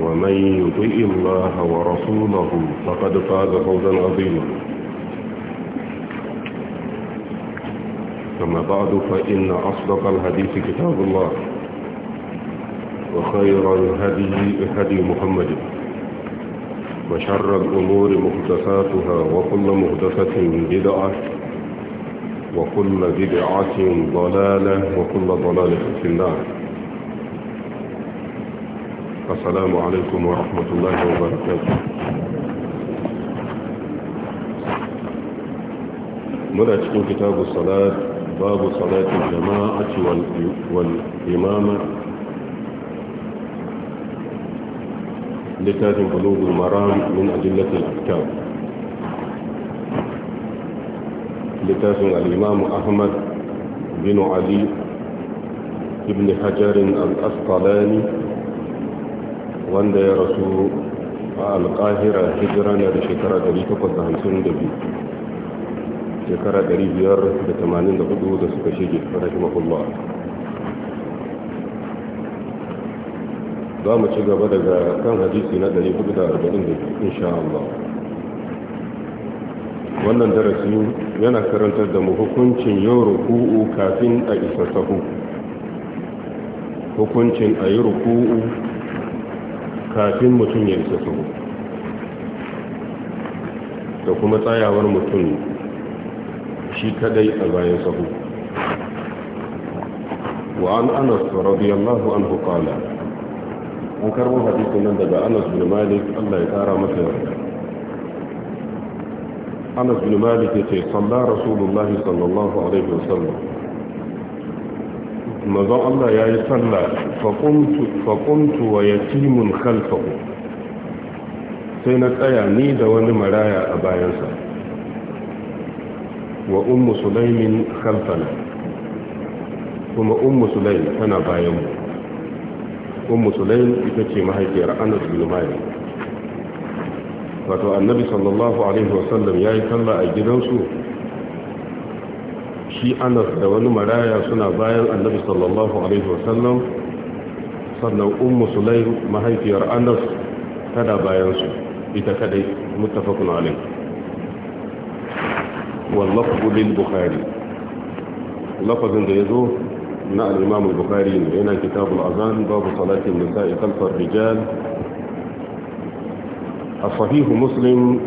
ومن يطيء الله ورسوله فقد فاز فوزا عظيما ثم بعد فإن أصدق الحديث كتاب الله وخير الهدي هدي محمد وشر الأمور محدثاتها وكل محدثة بدعة وكل بدعة ضلالة وكل ضلالة في النار السلام عليكم ورحمة الله وبركاته مدعشكم كتاب الصلاة باب صلاة الجماعة والإمامة لتاج قلوب المرام من أدلة الأحكام لتاج الإمام أحمد بن علي ابن حجر الأسطلاني wanda ya rasu a alƙahira hijira na da shekara 852 shekara 584 da suka shige rahimahullah za mu ci gaba daga kan hadisi na 442 insha Allah wannan darasi yana karantar da mu hukuncin yau ruku'u kafin a isa sahu hukuncin a yi ruku'u kafin mutum ya isa tsoho da kuma tsayawar mutum shi kadai a bayan tsoho wa an anas radiyallahu an hukala an karbo hadisun nan daga anas bin malik allah ya tara masa yarda anas bin malik ya ce sallar rasulullahi sallallahu alaihi wasallam mazan Allah ya yi sallah faƙuntu wa yatimun kalfahu sai na tsaya ni da wani maraya a bayansa wa ummu sulaimin kalfana kuma ummu sulaim tana bayanmu ummu sulaim ita ce mahaifiyar anas bin malik wato annabi sallallahu alaihi wasallam ya yi sallah a gidansu shi anas da wani maraya suna bayan annabi sallallahu alaihi wasallam sannan ummu sulaim mahaifiyar anas tana bayan su ita kadai muttafaqun alaihi واللفظ للبخاري لفظ yana kitab al-azan babu salati الأذان nisai صلاة ar-rijal as-sahih muslim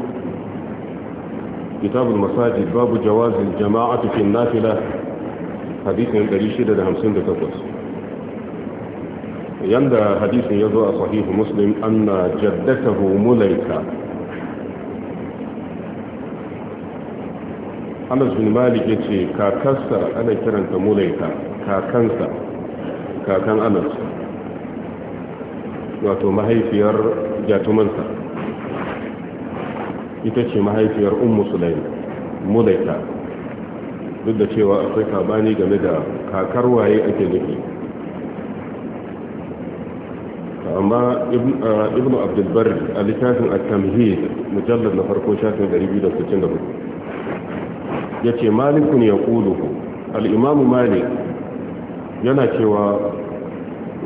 كتاب المساجد باب جواز الجماعة في النافلة حديث الدريشي ده همسين ده تقص يندى حديث يضوء صحيح مسلم أن جدته مليكة أنس بن مالك يتشي كاكسة أنا كرنت مليكة كاكنسة كاكن أنس واتو مهي فير جاتو منسر ita ce mahaifiyar ummu sulaim mulaita duk da cewa akwai sabani game da kakar waye ake nufi amma ibn abdulbar a littafin al-tamhid na farko shafin 264 ya ce malikun ya ƙulu al'imamu malik yana cewa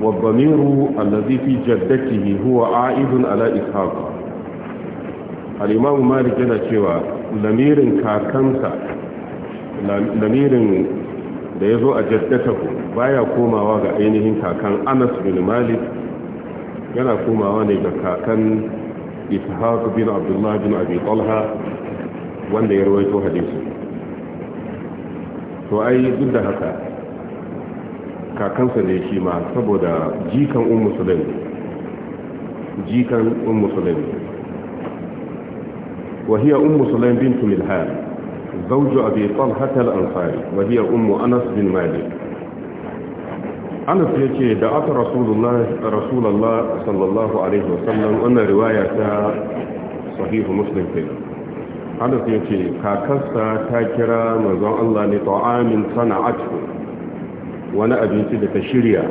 wabbamiru allazi fi jaddatihi huwa a'idun ala ishaq al'imamu malik yana cewa lamirin kakansa lamirin da ya zo a ku baya komawa ga ainihin kakan anas bin malik yana komawa ne ga kakan ishaq bin abdullah bin abi talha wanda ya rawaito hadisi to ai duk da haka kakansa ne shi ma saboda jikan ummu sulaimi jikan ummu sulaimi وهي أم سليم بنت ملحان زوج أبي طلحة الأنصاري وهي أم أنس بن مالك أنس يجي دعت رسول الله, رسول الله صلى الله عليه وسلم أن رواية صحيح مسلم كده أنس يجي كاكسة تاكرة مزان الله لطعام صنعته وأنا أبنتي لتشريع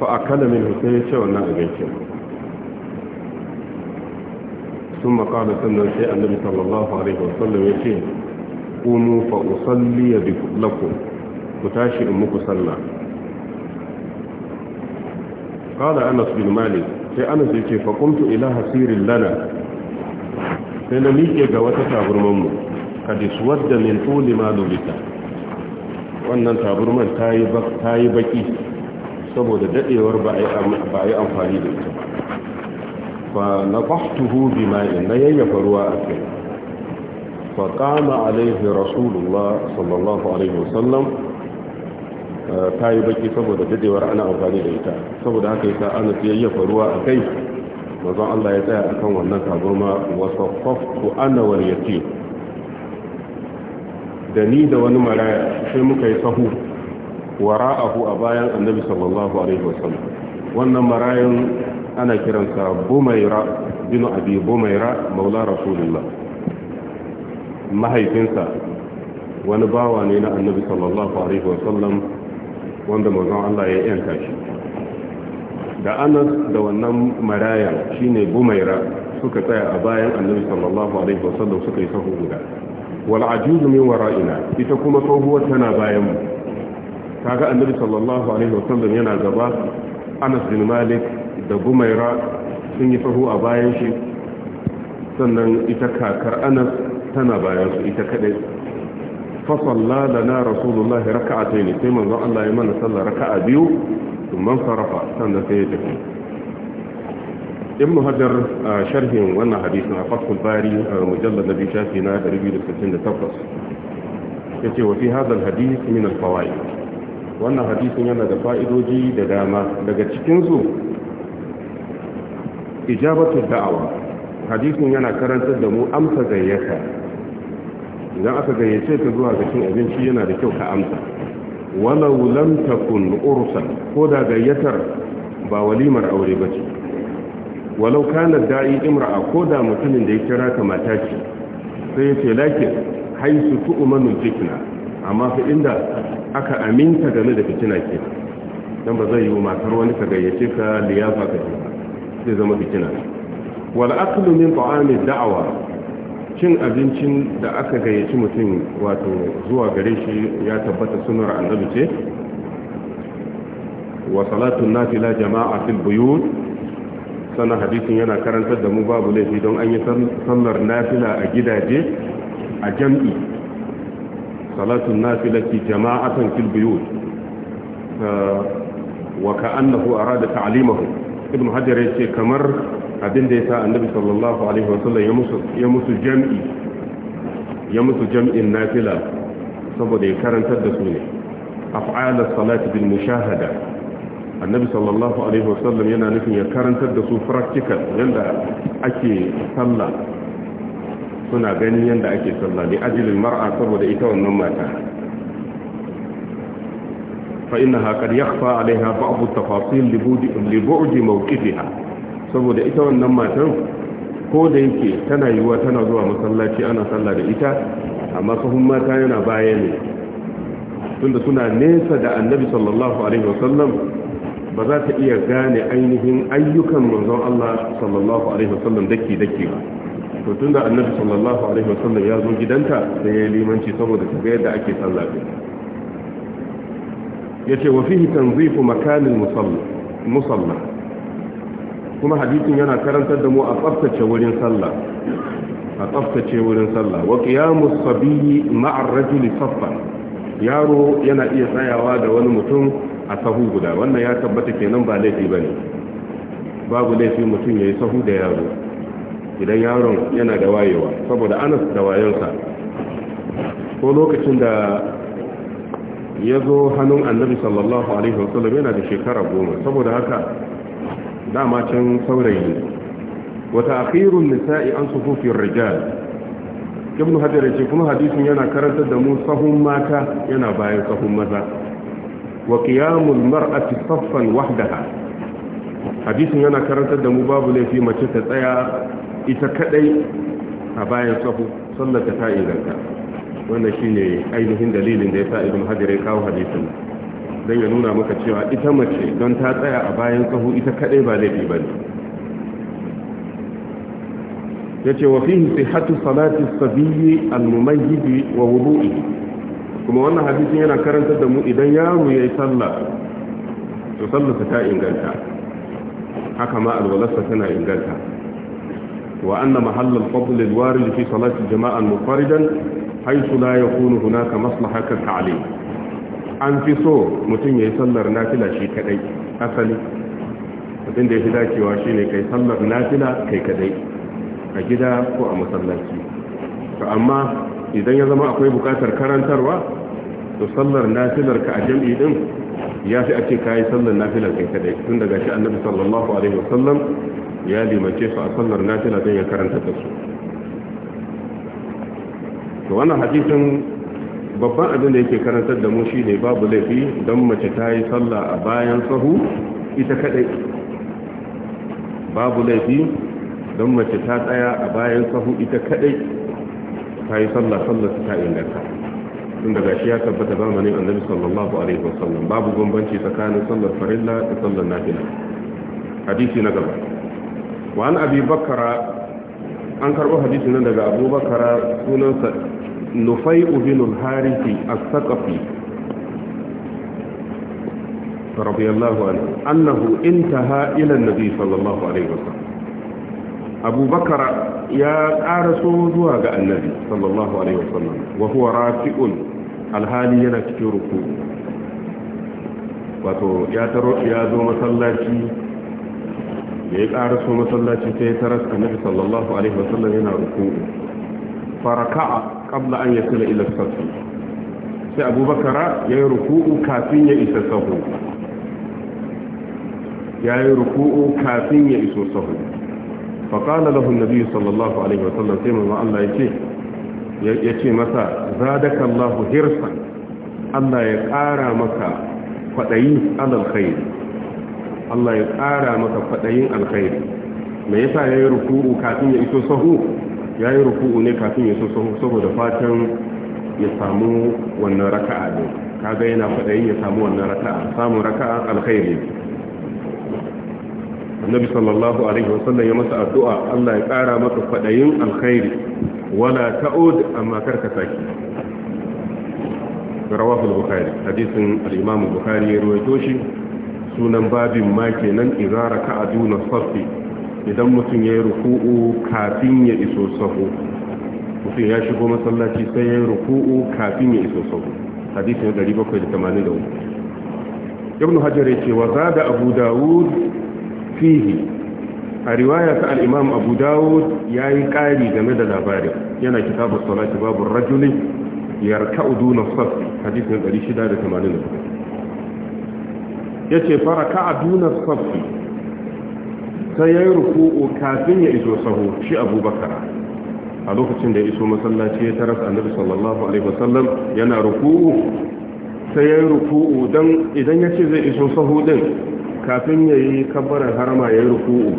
فأكل منه سيشة وأنا أبنتي sun makala sannan sai annabi sallallahu alaihi wasallam ya ce kunu fa usalli lakum ku tashi in muku sallah qala anas bin malik sai anas yace fa qumtu ila hasirin lana sai na miƙe ga wata taburman mu kadi suwadda min tuli ma lubita wannan taburman tayi baki saboda dadewar ba a yi amfani da ita fa nafahtuhu bima'in na yayyafa ruwa a kai fa qama alaihi rasulullah sallallahu alaihi wasallam eh, ta yi baki saboda dadewar ana amfani da ita saboda haka yasa ana yayyafa ruwa a kai mazan Allah ya tsaya akan wannan tabarma wa saffaftu ana wal yatim da ni da wani sai muka yi sahu a bayan annabi sallallahu alaihi wannan marayan ana kiransa bumaira bin abi bumaira maula rasulullah mahaifinsa wani bawa ne na annabi sallallahu alaihi wasallam wanda mazan Allah ya yanka shi da anas da wannan marayan shine bumaira suka tsaya a bayan annabi sallallahu alaihi wasallam suka yi sahu guda wal ajuzu min wara'ina ita kuma tsohuwar tana bayan mu kaga annabi sallallahu alaihi wasallam yana gaba anas bin malik da gumaira sun yi fahu a bayan shi sannan ita kakar anas tana bayan su ita kadai fasalla da na rasulullah raka'a ta ne sai manzon Allah ya mana sallar raka'a biyu man sarrafa sannan sai ya tafi ibn muhajar a sharhin wannan hadisin a fathul bari a mujallar da shafi na 268 yace wa fi hadha alhadith min alfawaid wannan hadisin yana da fa'idoji da dama daga cikinsu. ijabatu da'awa hadisin yana karantar da mu amsa gayyata idan aka gayyace ka zuwa ga cin abinci yana da kyau ka amsa walau lam takun ursan ko da gayyatar ba walimar aure bace walau kana da'i imra'a ko da mutumin da ya kira ka mata ce sai ya ce lakin haisu tu'manu jikna amma fa inda aka aminta game da fitina ke dan ba zai yi matar wani ka gayyace ka liyafa ka ba zai zama fitina wal aklu min ta'ami da'wa cin abincin da aka gayyaci mutum wato zuwa gare shi ya tabbata sunnar annabi ce wa salatu nafila jama'a fil buyut sanan hadisin yana karantar da mu babu laifi don an yi sallar nafila a gidaje a jam'i salatu nafilati jama'atan fil buyut wa ka'annahu arada ta'limahu ibn hajar ya ce kamar abinda da ya sa annabi sallallahu alaihi wasallam ya musu jam'i ya musu jam'in nafila saboda ya karantar da su ne af'ala salati bil mushahada annabi sallallahu alaihi wasallam yana nufin ya karantar da su practical yanda ake sallah suna ganin yanda ake sallah li ajlil mar'a saboda ita wannan mata فإنها قد يخفى عليها بعض التفاصيل لبعد موقفها saboda ita wannan matan ko da yake tana yiwuwa tana zuwa masallaci ana sallah da ita amma sahun mata yana baya ne tunda suna nesa da annabi sallallahu alaihi wasallam ba za ta iya gane ainihin ayyukan manzon Allah sallallahu alaihi wasallam dake dake ba to tunda annabi sallallahu alaihi wasallam ya zo gidanta sai ya limanci saboda ta ga yadda ake sallah yace wa fihi tanzifu makanil musalla musalla kuma hadisin yana karantar da mu a tsaftace wurin sallah a tsaftace wurin sallah wa qiyamus sabili ma'ar rajuli saffan yaro yana iya tsayawa da wani mutum a sahu guda wannan ya tabbata kenan ba laifi bane babu laifi mutum yayi sahu da yaro idan yaron yana da wayewa saboda Anas da wayonsa ko lokacin da ya zo hannun annabi sallallahu alaihi wasallam yana da shekara goma saboda haka dama can saurayi wata akhirun nisa'i an sufufin rijal ibn hajar ce kuma hadisin yana karantar da mu sahun mata yana bayan sahun maza wa qiyamul mar'ati saffan wahdaha hadisin yana karantar da mu babu laifi mace ta tsaya ita kadai a bayan sahu sallata ta wannan shine ainihin dalilin da ya sa ibn hajar ya kawo hadisin don ya nuna maka cewa ita mace don ta tsaya a bayan kahu ita kadai ba laifi ba ne yace wa fihi sihhatu salati sabiyyi al-mumayyiz wa wudu'i kuma wannan hadisin yana karantar da mu idan yaro yayi sallah to sallarsa ta inganta haka ma alwalarsa tana inganta wa anna mahall al-fadl al-warid fi salati jama'an munfaridan haisu la ya kunu hunaka ka ta'alim an fi so mutum ya yi sallar nafila shi kadai asali abin da ya fi dacewa shi ne kai sallar nafila kai kadai a gida ko a masallaci to amma idan ya zama akwai bukatar karantarwa to sallar nafilar ka a jam'i din ya fi ake kayi sallar nafilar kai kadai tun daga shi annabi sallallahu alaihi wasallam ya limace su a sallar nafila don ya karanta da su to wannan hadisin babban abin da yake karantar da mu shine babu laifi don mace ta yi sallah a bayan sahu ita kadai babu laifi don mace ta tsaya a bayan sahu ita kadai ta yi sallah sallah ta inganta tun daga shi ya tabbata zamanin annabi sallallahu alaihi wasallam babu bambanci tsakanin sallar farilla da sallar nafila hadisi na gaba wa an abi bakara an karbo hadisin nan daga abubakara sunansa nufai ubinul harifi a saƙafi rabiyallahu alaihi annahu intaha ilan nabi sallallahu alaihi wasallam abubakar ya karaso zuwa ga annabi sallallahu alaihi wasallam wa huwa rafi'un alhali yana cikin ruku wato ya taro ya zo masallaci ya yi ƙaraso masallaci sai ya taras annabi sallallahu alaihi wasallam yana ruku faraka'a qabla an yasila ila safi sai abubakar ya yi ruku'u kafin ya isa sahu ya yi ruku'u kafin ya iso sahu faƙala lahun nabi sallallahu alaihi wa sallam sai mamma Allah ya ce masa zadaka Allahu hirsan Allah ya ƙara maka kwaɗayi alalkhairi Allah ya ƙara maka kwaɗayin alkhairi me yasa ya yi ruku'u kafin ya iso sahu ya yi ruku'u ne kafin ya so saboda fatan ya samu wannan raka'a ne kaga yana faɗayin ya samu wannan raka'a samun raka'a alkhairi annabi sallallahu alaihi wasallam ya masa addu'a Allah ya kara maka faɗayin alkhairi wala ta'ud amma karka saki rawahu al-bukhari hadisin al-imam al-bukhari ya shi sunan babin ma kenan idza raka'a duna safi idan mutum ya yi ruku'u kafin ya iso sahu mutum ya shigo masallaci sai ya yi ruku'u kafin ya iso sahu hadisi na 783 ibn hajar ya ce wa da abu dawud fihi a riwaya ta al-imam abu dawud ya yi ƙari game da labarin yana kitabu salati babu rajuli yarka'u duna safi hadisi na 684 ka a duna safi sai ya yi ruku'u kafin ya iso sahu shi abubakar a lokacin da ya iso masallaci ya taras annabi sallallahu alaihi wasallam yana ruku'u sai ya yi ruku'u don idan ya ce zai iso sahu din kafin ya yi kabbarar harama ya yi ruku'u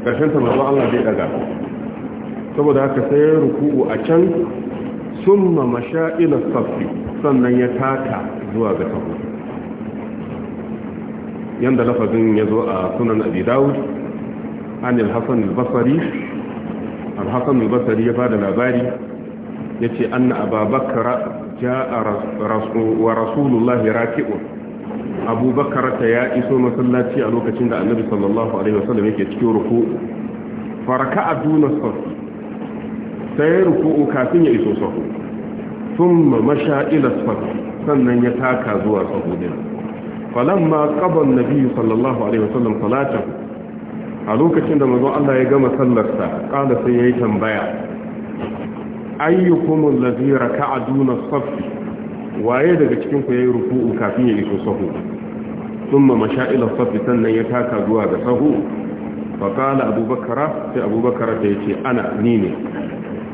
ƙarshen tamarwa allah zai daga saboda haka sai ya yi ruku'u a can sun ma masha'ilar safi sannan ya taka zuwa ga sahu yanda lafazin ya zo a sunan abi dawud an al-hasan al-basri al-hasan al-basri ya bada labari yace anna ababakar jaa rasul wa rasulullahi raki'un abubakar ta ya iso masallaci a lokacin da annabi sallallahu alaihi wasallam yake cikin ruku faraka'a duna saf sai ruku'u kafin ya iso sahu thumma masha ila saf sannan ya taka zuwa sahu din falamma qaba an-nabi sallallahu alaihi wasallam salatan. a lokacin da mazo Allah ya gama sallarsa kala sai yayi tambaya ayyukum allazi raka'a duna safi waye daga cikin ku yayi ruku'u kafin ya iso sahu thumma masha ila safi sannan ya taka zuwa ga sahu fa kala abubakar sai abubakar da yace ana ni ne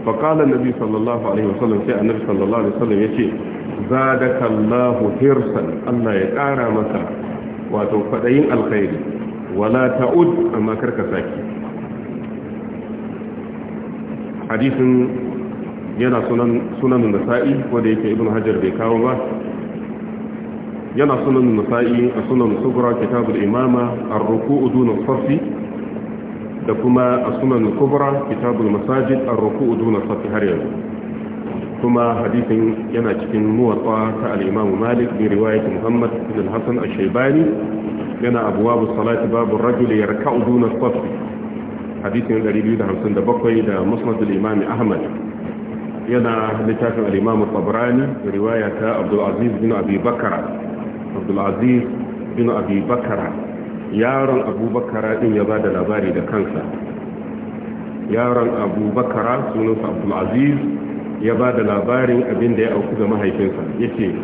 fa kala sallallahu alaihi wasallam sai annabi sallallahu alaihi wasallam ce zadaka Allahu hirsan Allah ya kara masa wato fadayin alkhairi wala ta'ud amma karka saki hadisin yana sunan sunan nasa'i wanda yake ibnu hajar bai kawo ba yana sunan nasa'i a sunan sugra kitabul imama ar-ruku'u duna safi da kuma a sunan kubra kitabul masajid ar-ruku'u duna safi har yanzu kuma hadisin yana cikin muwatsa ta al-imam malik bi riwayat muhammad bin hasan ash-shaybani لنا أبواب الصلاة باب الرجل يركع دون الصف حديث الذي يريد حسن دبقوي إلى مصند الإمام أحمد ينا لتاف الإمام الطبراني رواية عبد العزيز بن أبي بكر عبد العزيز بن أبي بكر يارا أبو بكر إن يباد الأباري لكانسا يارا أبو بكر سنوس عبد العزيز يباد الأباري أبين دي أو كذا ما هي فنسا يتي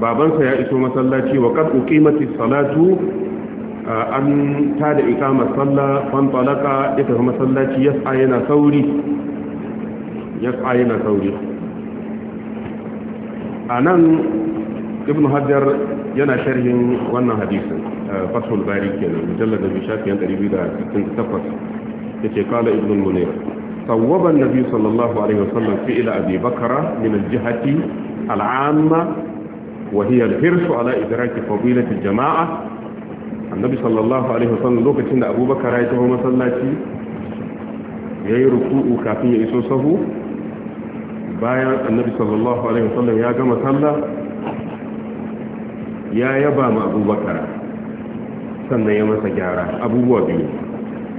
babansa ya iso masallaci wa qad uqimati salatu an ta da ikamar sallah fan talaka ya tafi masallaci yas'a yana sauri yas'a yana sauri anan ibn hajjar yana sharhin wannan hadisin fathul bari kenan da bi shafiyan 268 yace qala ibn munir sawwaba an-nabi sallallahu alaihi wasallam fi ila abi Bakara min al-jihati al-amma وهي الحرص على إدراك فضيلة الجماعة النبي صلى الله عليه وسلم لوكا تند أبو بكر رأيته مسلاتي يأي ركوء كافية إسوسه بايا النبي صلى الله عليه وسلم يا جمع صلى يا يبا مع أبو بكر سنة يما سجارة أبو وابي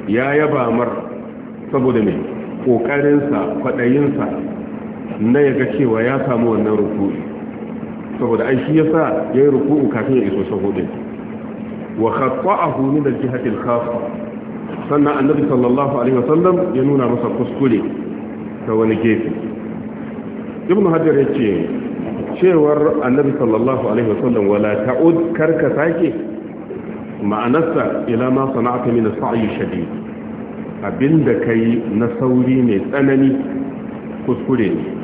يا يبا مر سبو دمي ƙoƙarinsa faɗayinsa na yaga cewa ya samu wannan rukuni saboda ai shi yasa yayi ruku'u kafin ya iso sahu din wa khata'ahu min al-jihati al sannan annabi sallallahu alaihi wasallam ya nuna masa kuskure ta wani gefe ibnu hajar yace cewar annabi sallallahu alaihi wasallam wala ta'ud karka sake ma'anarsa ila ma sana'ata min as-sa'i shadid abinda kai na sauri mai tsanani kuskure ne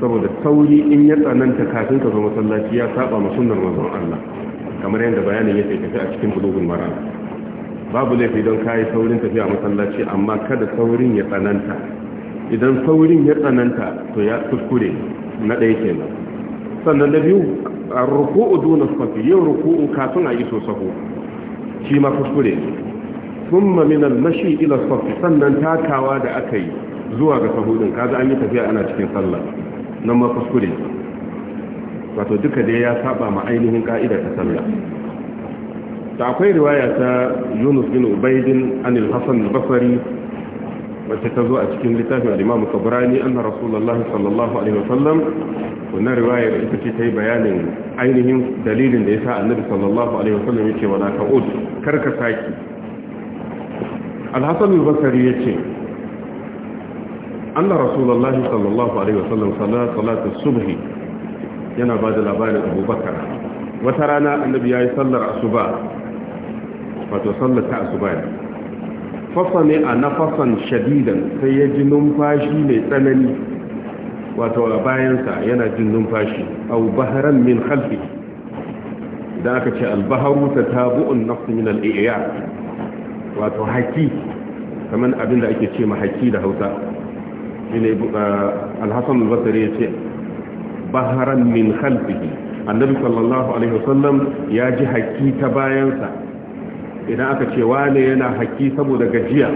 saboda sauri in ya tsananta kafin ka zo masallaci ya saba ma sunnar manzon Allah kamar yadda bayanin yake tafi a cikin bulugul maram babu laifi don kayi saurin tafiya masallaci amma kada saurin ya tsananta idan saurin ya tsananta to ya kuskure na ɗaya kenan sannan na biyu a ruku'u duna safi yin ruku'u kafin a iso sahu shi ma kuskure thumma min al-mashi ila safi sannan takawa da aka yi zuwa ga sahu din kaza an yi tafiya ana cikin sallah nan ma kuskure wato duka dai ya saba ma ainihin ka'ida ta sallah ta akwai riwaya ta Yunus bin Ubaydin Anil al-Hasan al-Basri wacce ta zo a cikin littafin al-Imam Tabrani anna Rasulullah sallallahu alaihi wasallam wannan riwaya ita ce ta yi bayanin ainihin dalilin da yasa Annabi sallallahu alaihi wasallam yake wala ta'ud karka saki al-Hasan al-Basri yace allah rasulullahi sallallahu alaihi wasallam salla subhi yana ba da labarin abubakar wata rana annabi ya yi sallar asuba wato sallar ta asuba ne fasa ne a nafasan shadidan sai ya ji numfashi mai tsanani wato a bayansa yana jin numfashi au baharan min halfi da aka ce albaharu ta tabu'un nafsu min al'iya wato haki kamar abin da ake ce ma haki da hausa shine eh, al-hasan al-basri yace baharan min khalfihi annabi sallallahu alaihi wasallam ya ji haki ta bayansa idan aka ce wane yana haki saboda gajiya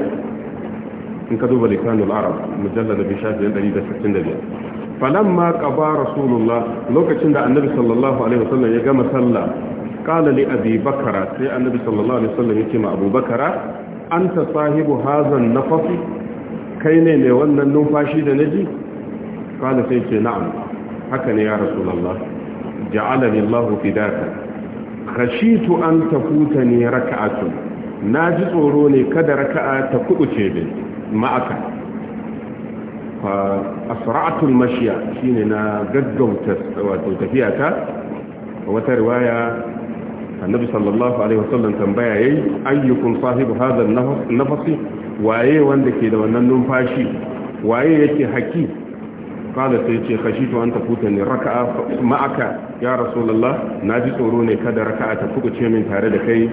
in ka duba lisanul arab mujallad bi shafin 165 falamma qaba rasulullah lokacin da annabi sallallahu alaihi wasallam ya gama sallah qala li abi bakara sai annabi sallallahu alaihi wasallam ce ma an ta sahibu hazan na nafas kai ne mai wannan numfashi da ji? kala sai ce na'am haka ne ya rasulullah ja'alani Allah fidaka Rashitu an takutani raka'atu naji tsoro ne kada raka'a ta kubuce min ma'aka fa asra'atul mashiya shine na gaggauta wato tafiya ta wata riwaya annabi sallallahu alaihi wasallam tambaya yayi ayyukum sahibu hadha an waye wanda ke da wannan numfashi waye yake haki kada sai ce to an tafuta ne, raka'a ma'aka ya rasulullah ji tsoro ne kada raka'a ta kubuce min tare da kai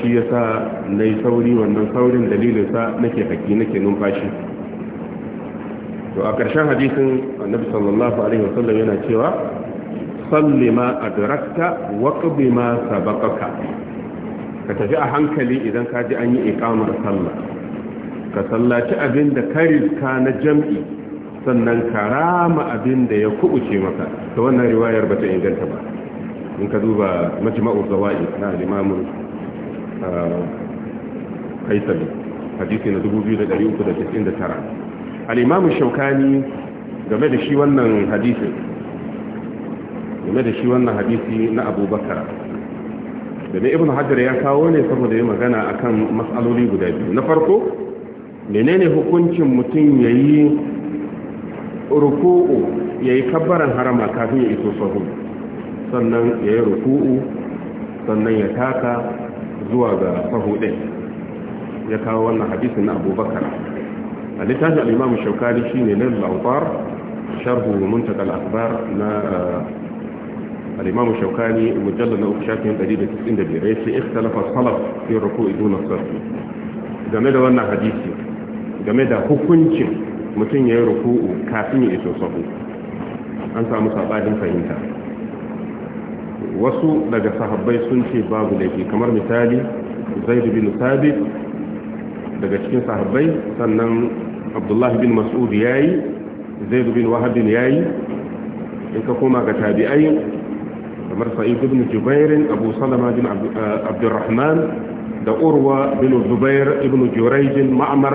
shi na nayi sauri wannan saurin dalilin sa nake haki nake numfashi to a ƙarshen hadisin annabi sallallahu alaihi wasallam yana cewa salli ma adrakta wa qdi ma sabaqaka ka tafi a hankali idan ka ji an yi iqamar sallah ka sallaci abin da ka na jam'i sannan ka rama abin da ya kubuce maka ta wannan riwayar bata inganta ba in ka duba majma'u zawa'i na limamin haitami ah, hadisi na 2399 al-imamu shaukani game da shi wannan hadisi game da shi wannan hadisi na abubakar domin ibn hajar ya kawo ne saboda ya magana akan matsaloli guda biyu na farko menene hukuncin mutum ya yi ruku'u ya yi kabbaran harama kafin ya iso sahu sannan ya yi ruku'u sannan ya taka zuwa ga sahu ya kawo wannan hadisin na abubakar a littafin al'imamu shaukari shi ne lalautar sharhu muntakal akbar na al-imam shaukani mujallal na uku shafin 195 yace ikhtalafa salaf fi ruku'i dun as-sarf game da wannan hadisi game da hukuncin mutum yayin ruku'u kafin ya iso sahu an samu sabanin fahimta wasu daga sahabbai sun ce babu laifi kamar misali zaid bin sabit daga cikin sahabbai sannan abdullahi bin mas'ud yayi zaid bin wahab yayi in ka koma ga tabi'ai kamar sa'id ibn jubair abu salama bin eh, abdurrahman da urwa bin zubair ibn jurayj ma'mar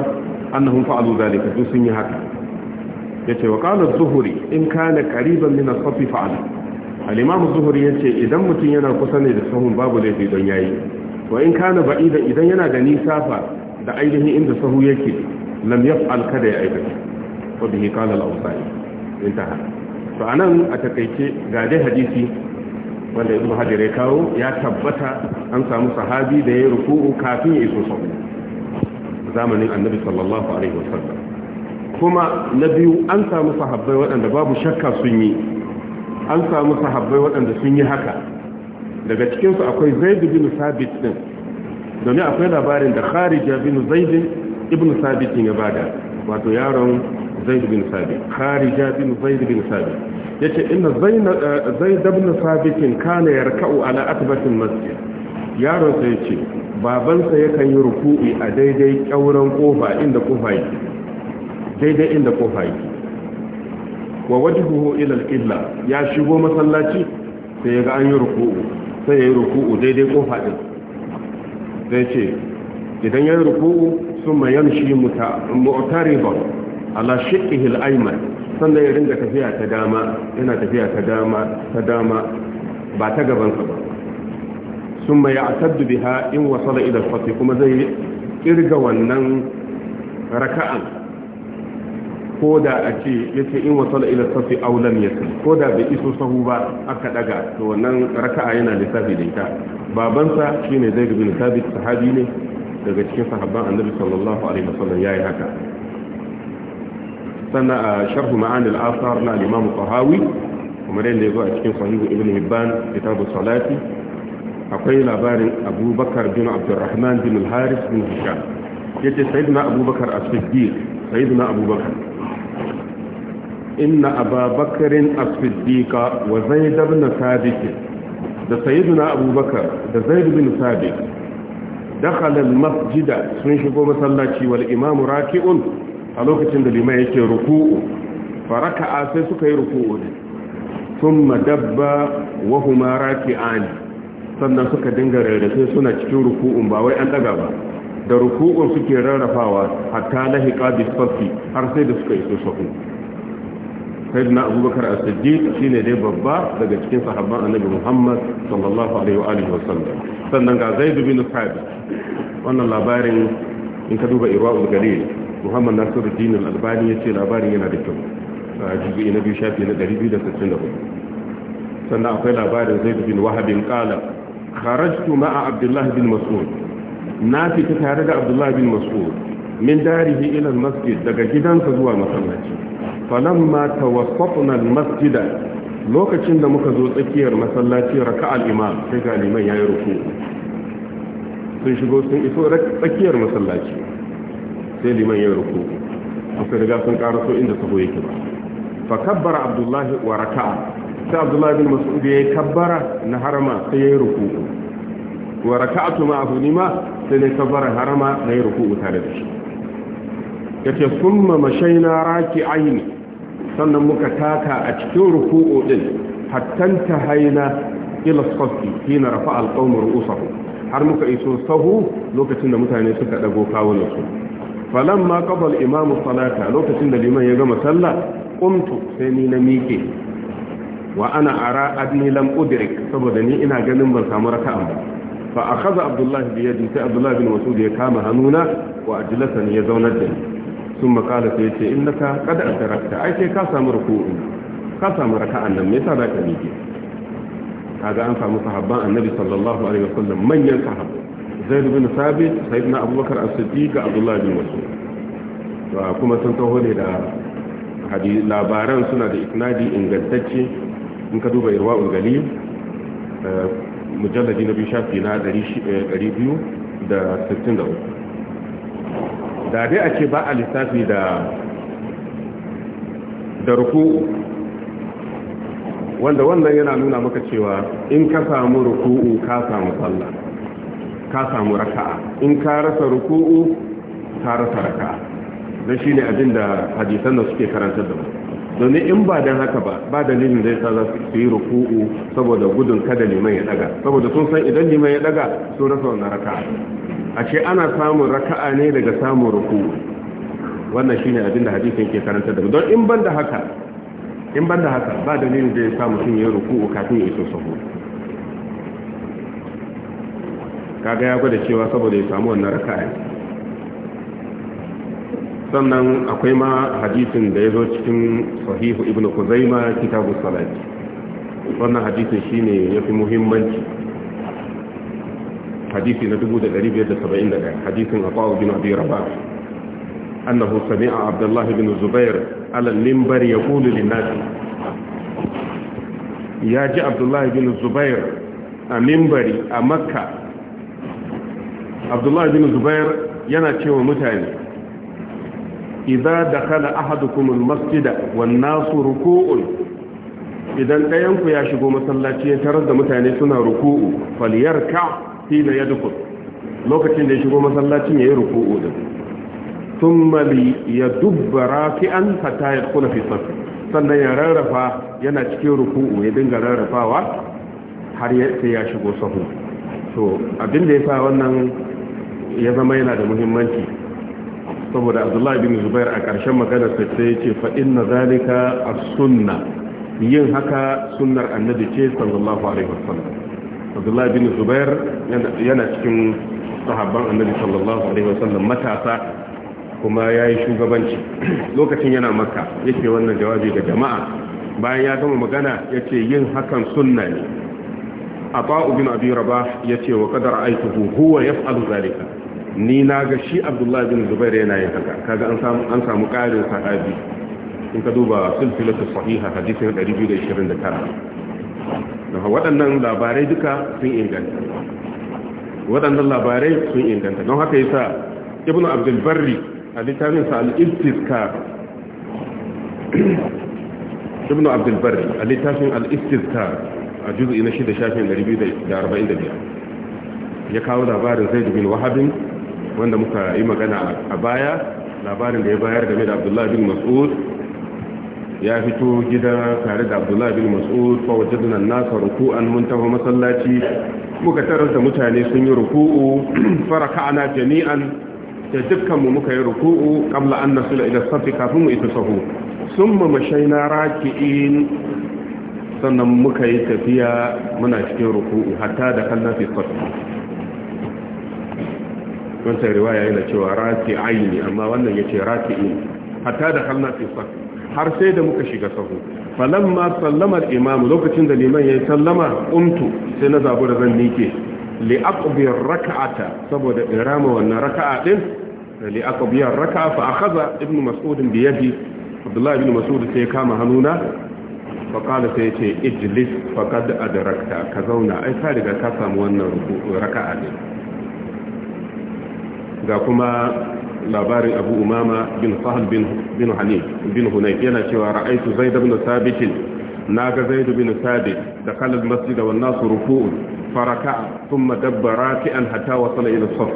annahum fa'alu zalika sun yi haka yace wa qala zuhuri in kana qariban min as-saff fa'ala al-imam zuhuri yace idan mutum yana kusa ne da sahun babu laifi don yayi wa in kana ba'ida idan yana da nisafa da ainihin inda sahu yake lam yaf'al kada ya aikata wa bihi qala al-awsani intaha to anan a takaice ga dai hadisi wanda ibn hajar ya kawo ya tabbata an samu sahabi da ya ruku'u kafin ya iso sahu zamanin annabi sallallahu alaihi wasallam kuma na biyu an samu sahabbai waɗanda babu shakka sun yi an samu sahabbai waɗanda sun yi haka daga cikinsu akwai zaid bin sabit din domin akwai labarin da kharija bin zaid ibn sabit ya bada wato yaron zaid bin sabit kharija bin zaid bin sabit yace inna eh, zaid bin sabit kana yarka'u ala atbatin masjid yaron sa yace babansa yakan yi ruku'i a daidai kyauran kofa inda kofa yake daidai inda kofa yake wa wajhuhu ila al-qibla ya shigo masallaci sai yaga an yi ruku'u sai yayi ruku'u daidai kofa din sai ce idan yayi ruku'u summa yamshi mu'tariban ala shiqqihi al-ayman sannan ya ringa tafiya ta dama yana tafiya ta dama ta dama ba ta gaban sa ba summa ya'taddu biha in wasala ila al-fath kuma zai kirga wannan raka'an ko da a ce yace in wasala ila al-fath aw lam yakun ko da bai iso sahu ba aka daga to wannan raka'a yana lissafi da ita babansa shine zaid bin thabit sahabi ne daga cikin sahabban annabi sallallahu alaihi wasallam yayi haka sannan a sharhu ma'anil asar na al-imam tahawi kamar yadda zo a cikin sahihu ibn hibban kitabu salati akwai labarin abubakar bin abdurrahman bin al-haris bin hisham yace sayyidina abubakar as-siddiq sayyidina abubakar inna ababakarin as-siddiqa wa zaid ibn sabit da sayyidina abubakar da zaid ibn sabit dakhala al-masjida sun shigo masallaci wal imam raki'un a lokacin da liman yake ruku'u faraka'a sai suka yi ruku'u ne thumma dabba wa huma raki'ani sannan suka dinga rarrafe suna cikin ruku'un ba wai an daga ba da ruku'un suke rarrafawa hatta na bi safi har sai da suka iso sahu na abubakar as-siddiq shine dai babba daga cikin sahabban annabi muhammad sallallahu alaihi wa alihi wasallam sannan ga zaid bin sabit wannan labarin in ka duba irwaul galil muhammad nasiru dinin albani ya ce labarin yana da kyau a jibi na biyu shafi na 264 sannan akwai labarin zai bin wahabin kala kharajtu ma'a abdullahi bin mas'ud na fita tare da abdullahi bin mas'ud min darihi ila masjid daga gidansa zuwa masallaci falamma tawassatna masjida lokacin da muka zo tsakiyar masallaci raka'al imam sai ga liman yayi ruku sun shigo sun iso tsakiyar masallaci sai liman ya ruku musu riga sun karaso inda sahu yake ba fa kabbara abdullahi wa raka'a sai abdullahi bin mas'ud ya kabbara na harama sai ya ruku wa raka'atu ma'ahu nima sai ne kabbara harama na ya ruku tare da shi yace summa mashaina raki'ain sannan muka taka a cikin ruku'u din hatta haina ila safi hina rafa'a al-qawm ru'usahum har muka iso sahu lokacin da mutane suka dago su. falamma qabal imam salata lokacin da liman ya gama sallah qumtu sai ni na miƙe wa ana ara adni lam udrik saboda ni ina ganin ban samu raka'an ba fa akhadha abdullahi bi yadi sai abdullahi bin mas'ud ya kama hannuna wa ajlasani ya zauna da ni ثم قال سيتي إنك قد أدركت أي شيء كاسم ركوع كاسم ركع النم متى ذاك نيجي هذا أنفع مصحبا النبي صلى الله عليه وسلم manyan ينصحب zaid bin sabit sayyidina abubakar as-siddiq abdullah bin mas'ud to kuma sun taho ne da hadisi labaran suna da isnadi ingantacce in ka duba irwaul galil mujalladi na biyu shafi na 200 da 63 da dai a ce ba a lissafi da da ruku wanda wannan yana nuna maka cewa in ka samu ruku'u ka samu sallah ka samu raka'a in ka rasa ruku'u ka rasa raka'a don shi ne abin da hadisan da suke karantar da mu don in ba don haka ba ba dalilin zai sa za su yi ruku'u saboda gudun kada liman ya daga saboda sun san idan liman ya daga sun rasa wannan raka'a a ce ana samun raka'a ne daga samun ruku'u wannan shine abin da hadisan ke karantar da mu don in ban da haka in ban da haka ba dalilin zai sa mutum ya ruku'u kafin ya iso sahu kaga ya gwada cewa saboda ya samu wannan raka'a sannan akwai ma hadisin da ya zo cikin sahihu ibn kuzaima kitabu salati wannan hadisin shine ya fi muhimmanci hadisi na 1571 hadisin abu bin abi rabah annahu sami'a abdullah bin zubair ala al-minbar yaqulu lin-nas ya ji Abdullahi bin zubair a minbari a makka abdullahi bin zubair yana cewa mutane idza dakhala ahadukum masjida wan nasu ruku'un idan ɗayan ya shigo masallaci ya tarar da mutane suna ruku'u falyarka hina yadkhul lokacin da ya shigo masallacin yi ruku'u din thumma duk rafi'an hatta yadkhula fi saff sannan ya rarrafa yana cikin ruku'u ya dinga rarrafawa har sai ya shigo sahu to abin da yasa wannan ya zama yana da muhimmanci saboda abdullahi bin zubair a ƙarshen maganarsa sai ya ce fa'in na zalika a sunna yin haka sunnar annabi ce sallallahu alaihi wasallam abdullahi bin zubair yana cikin sahabban annabi sallallahu alaihi wasallam matasa kuma ya yi shugabanci lokacin yana makka yake wannan jawabi ga jama'a bayan ya gama magana ya ce yin hakan sunna ne a ba'u bin abi rabah ya ce wa kadar aikuhu huwa ya zalika ni na ga shi abdullahi bin zubair yana yin haka kaga an samu an samu ƙarin sahabi in ka duba silsilatu sahiha hadisin 229 don waɗannan labarai duka sun inganta waɗannan labarai sun inganta don haka yasa ibnu abdul barri a littafin sa al-istizkar ibnu abdul barri a littafin al-istizkar a juzu'i na shida shafin 245 ya kawo labarin zaid bin wahabin wanda muka yi magana a baya labarin da ya bayar game da abdullahi bin mas'ud ya fito gida tare da abdullahi bin mas'ud fa wajadna an-nasa ruku'an mun tafi masallaci muka tarar da mutane sun yi ruku'u ka'ana jami'an da dukkan mu muka yi ruku'u qabla an nasila ila safi kafin mu isa sun summa mashayna raki'in sannan muka yi tafiya muna cikin ruku'u hatta da kallafi safi wancan riwaya yana cewa rati aini amma wannan ce rati in hatta da halna fi saf har sai da muka shiga sahu falamma sallama al-imam lokacin da liman ya sallama umtu sai na zabu da zan nike. li aqbi raka'ata saboda irama wannan raka'a din li aqbi raka'a fa akhadha ibnu mas'ud bi yadi abdullahi ibn mas'ud sai kama hannuna fa qala sai yace ijlis faqad adrakta ka zauna ai ka riga ka samu wannan raka'a din ga kuma labarin abu umama bin fahal bin hanif bin hunayf yana cewa ra'aitu zai ibn thabit naga zaid ibn thabit da kala al-masjid wa an-nas ruku'un faraka'a an hata wasu hatta wasala ila as-saff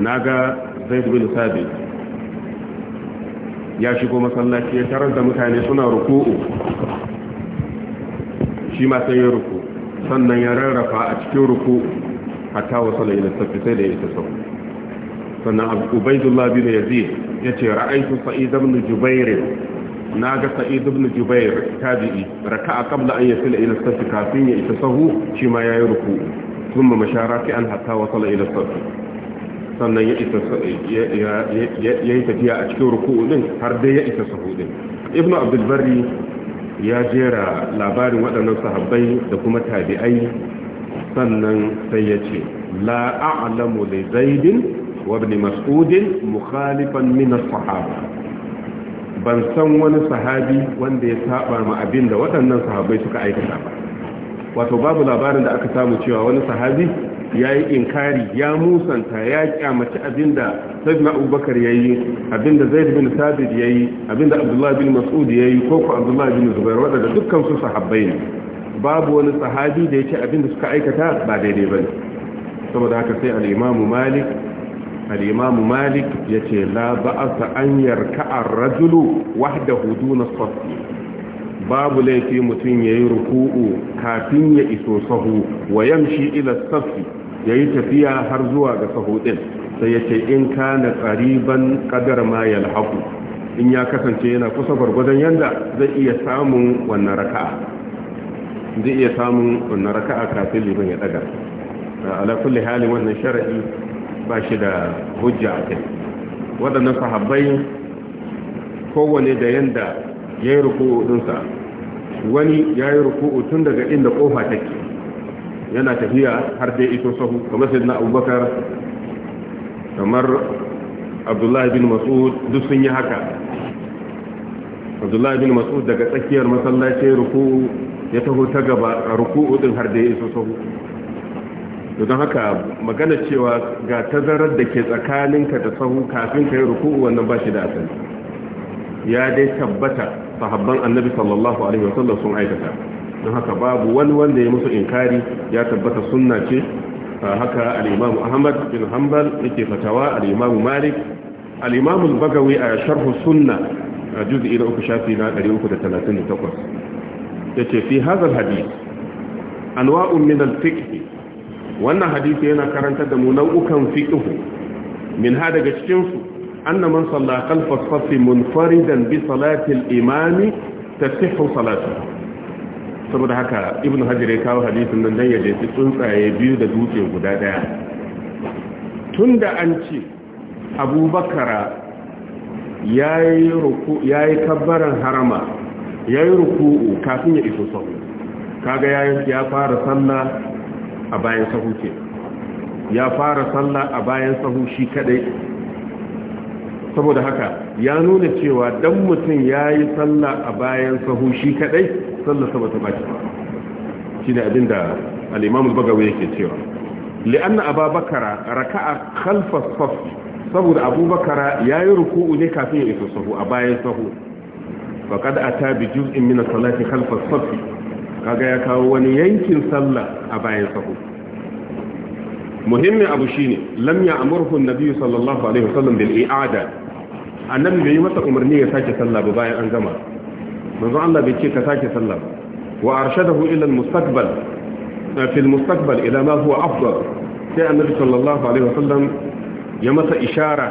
naga zaid ibn thabit ya shigo masallaci ya tarar da mutane suna ruku'u shi ma sai ya ruku sannan ya rarrafa a cikin ruku hata wasu ila as-saff sai da ya isa sahu sannan ubaidullah bin yazid yace ra'aytu sa'id ibn jubair naga sa'id ibn jubair tabi'i raka'a qabla an yasila ila safi kafin ya isa sahu shi ma yayi ruku thumma masharati an hatta wasala ila as sannan ya isa ya yi tafiya a cikin ruku'u din har dai ya isa sahu din ibnu abdul barri ya jera labarin waɗannan sahabbai da kuma tabi'ai sannan sai ya ce la a'lamu li zaidin وابن مسعود مخالفا من الصحابة ban san wani sahabi wanda ya saba ma abin da waɗannan sahabbai suka aikata ba wato babu labarin da aka samu cewa wani sahabi ya yi inkari ya musanta ya kyamaci abinda sayyidina abubakar ya yi abinda zaid bin sabit ya yi abinda abdullahi bin mas'ud ya yi ko ko abdullahi bin zubair waɗanda dukkan su sahabbai ne babu wani sahabi da ya ce abinda suka aikata ba daidai ba ne saboda haka sai al'imamu malik al'imamu malik ya ce la ba'asa an yarka a rajulu wahda hudu na sofi babu laifi mutum ya yi ruku'u kafin ya iso sahu wa yamshi ila sofi ya yi tafiya har zuwa ga sahu ɗin sai ya ce in ka na ƙariban ƙadar ma yalhaku in ya kasance yana kusa gwargwadon yadda zai iya samun wannan raka'a kafin liban ya ɗaga ala kulli halin wannan shara'i ba shi da hujja a kai waɗannan sahabbai kowane da yadda ya yi ruku'u ɗinsa wani ya yi ruku'u tun daga inda ƙofa take yana tafiya har dai ito sahu kamar sai na abubakar kamar abdullahi bin mas'ud duk sun yi haka abdullahi bin mas'ud daga tsakiyar masallaci ruku'u ya taho ta gaba ruku'u din har dai ito sahu don haka magana cewa ga tazarar da ke tsakaninka da sahu kafin ka yi ruku'u wannan ba shi da asali ya dai tabbata sahabban annabi sallallahu alaihi wasallam sun aikata don haka babu wani wanda ya musu inkari ya tabbata sunna ce haka al-imamu ahmad bin hanbal yake fatawa al-imamu malik al-imamu bagawi a sharh sunna a juz'i na uku shafi na 338 yace fi hadha al-hadith anwa'un min al-fiqh wannan hadisi yana karantar da mu nau'ukan fiqh min ha daga cikin su anna man salla khalfa safi munfaridan bi salati al-imam tasihhu salatu saboda haka ibnu hajar ya kawo hadisin nan dan yaje tsuntsaye biyu da dutse guda daya tunda an ce abubakara yayi ruku yayi kabbaran harama yayi ruku'u kafin ya iso sau kaga ya fara sallah a bayan sahu ke ya fara sallah a bayan sahu shi kadai saboda haka ya nuna cewa dan mutum ya yi sallah a bayan sahu shi kadai sallah saboda ba shi ba shi ne abinda al'imamu bagawa yake cewa li'anna ababakara raka'a khalfa saf saboda abubakara ya yi ruku'u ne kafin ya isa sahu a bayan sahu faƙad a ta bi juz'in mina salati khalfa saf kaga ya kawo wani yankin sallah a bayan sahu muhimmin abu shine lam ya amurhu annabi sallallahu alaihi wasallam bil i'ada annabi bai masa umarni ya sake sallah ba bayan an gama manzo Allah bai ce ka sake sallah wa arshadahu ila al mustaqbal eh, fi al mustaqbal ila ma huwa afdal sai annabi sallallahu alaihi wasallam ya masa ishara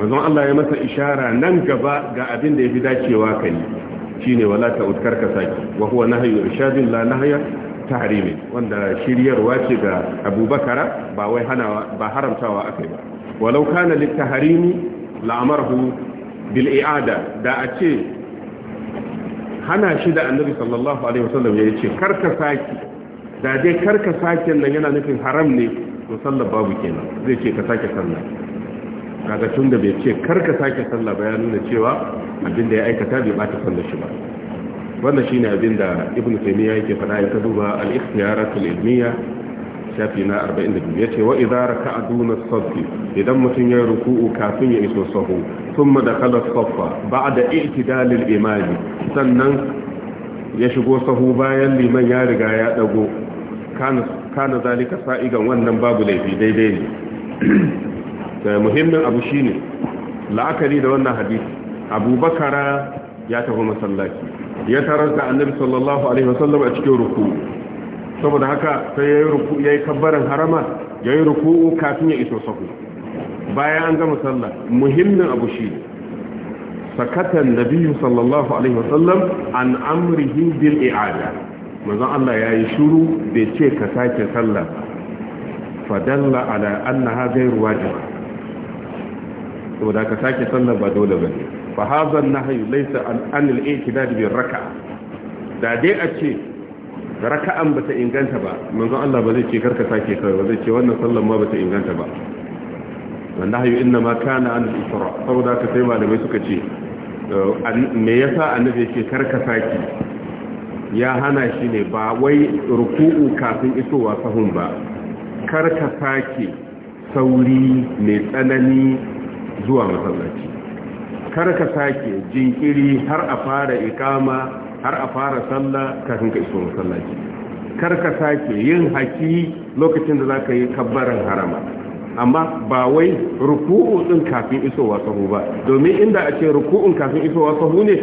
manzon Allah ya masa ishara nan gaba ga abin da ya fi dacewa ka yi shine wala ta'ud ka saki wa huwa nahyu irshadin la nahya tahrimin wanda shiryarwa ce ga abubakara ba wai hanawa ba haramtawa akai ba walau kana litahrimi la'amarhu bil i'ada da a ce hana shi da annabi sallallahu alaihi wasallam ya ce ka saki da dai karka sakin nan yana nufin haram ne to babu kenan zai ce ka sake sannan. kaga tun da bai ce karka sake sallah ba ya nuna cewa abinda ya aikata bai bata sallar shi ba wannan shine abin da ibn taymiya yake faɗa ya ta duba al-ikhtiyaratul ilmiya shafi na 42 yace wa idza raka'a duna as saffi idan mutun ya ruku'u kafin ya iso sahu thumma dakhala as-saffa ba'da i'tidal al-imam sannan ya shigo sahu bayan liman ya riga ya dago kana kana zalika sa'igan wannan babu laifi daidai ne muhimmin abu ne la'akari da wannan hadisi abubakara ya tafi masallaci ya tarar annabi sallallahu alaihi wasallam a cikin ruku saboda haka sai yayi ruku yayi kabbaran harama yayi ruku kafin ya iso sahu bayan an gama sallah muhimmin abu shi sakatan nabiyyu sallallahu alaihi wasallam an amrihi bil i'ada manzon Allah yayi shiru bai ce ka sake sallah fadalla ala annaha ghayr wajiba saboda ka sake sallar ba dole ba ne fa hazan nahyu laysa an anil i'tidad bi raka. da dai a ce raka'an bata inganta ba manzon Allah ba zai ce karka sake sallar ba zai ce wannan sallan ma bata inganta ba wannan inna ma kana an isra saboda ka sai malamai suka ce eh, me yasa annabi yake karka sake ya hana shi ne ba wai ruku'u kafin isowa sahun ba karka sake sauri mai tsanani zuwa masallaci kar ka sake jinkiri har a fara ikama har a fara sallah kafin ka iso masallaci kar ka sake yin haki lokacin da zaka yi kabbaran harama amma ba wai ruku'u din kafin isowa sahu ba domin inda a ce ruku'u kafin isowa sahu ne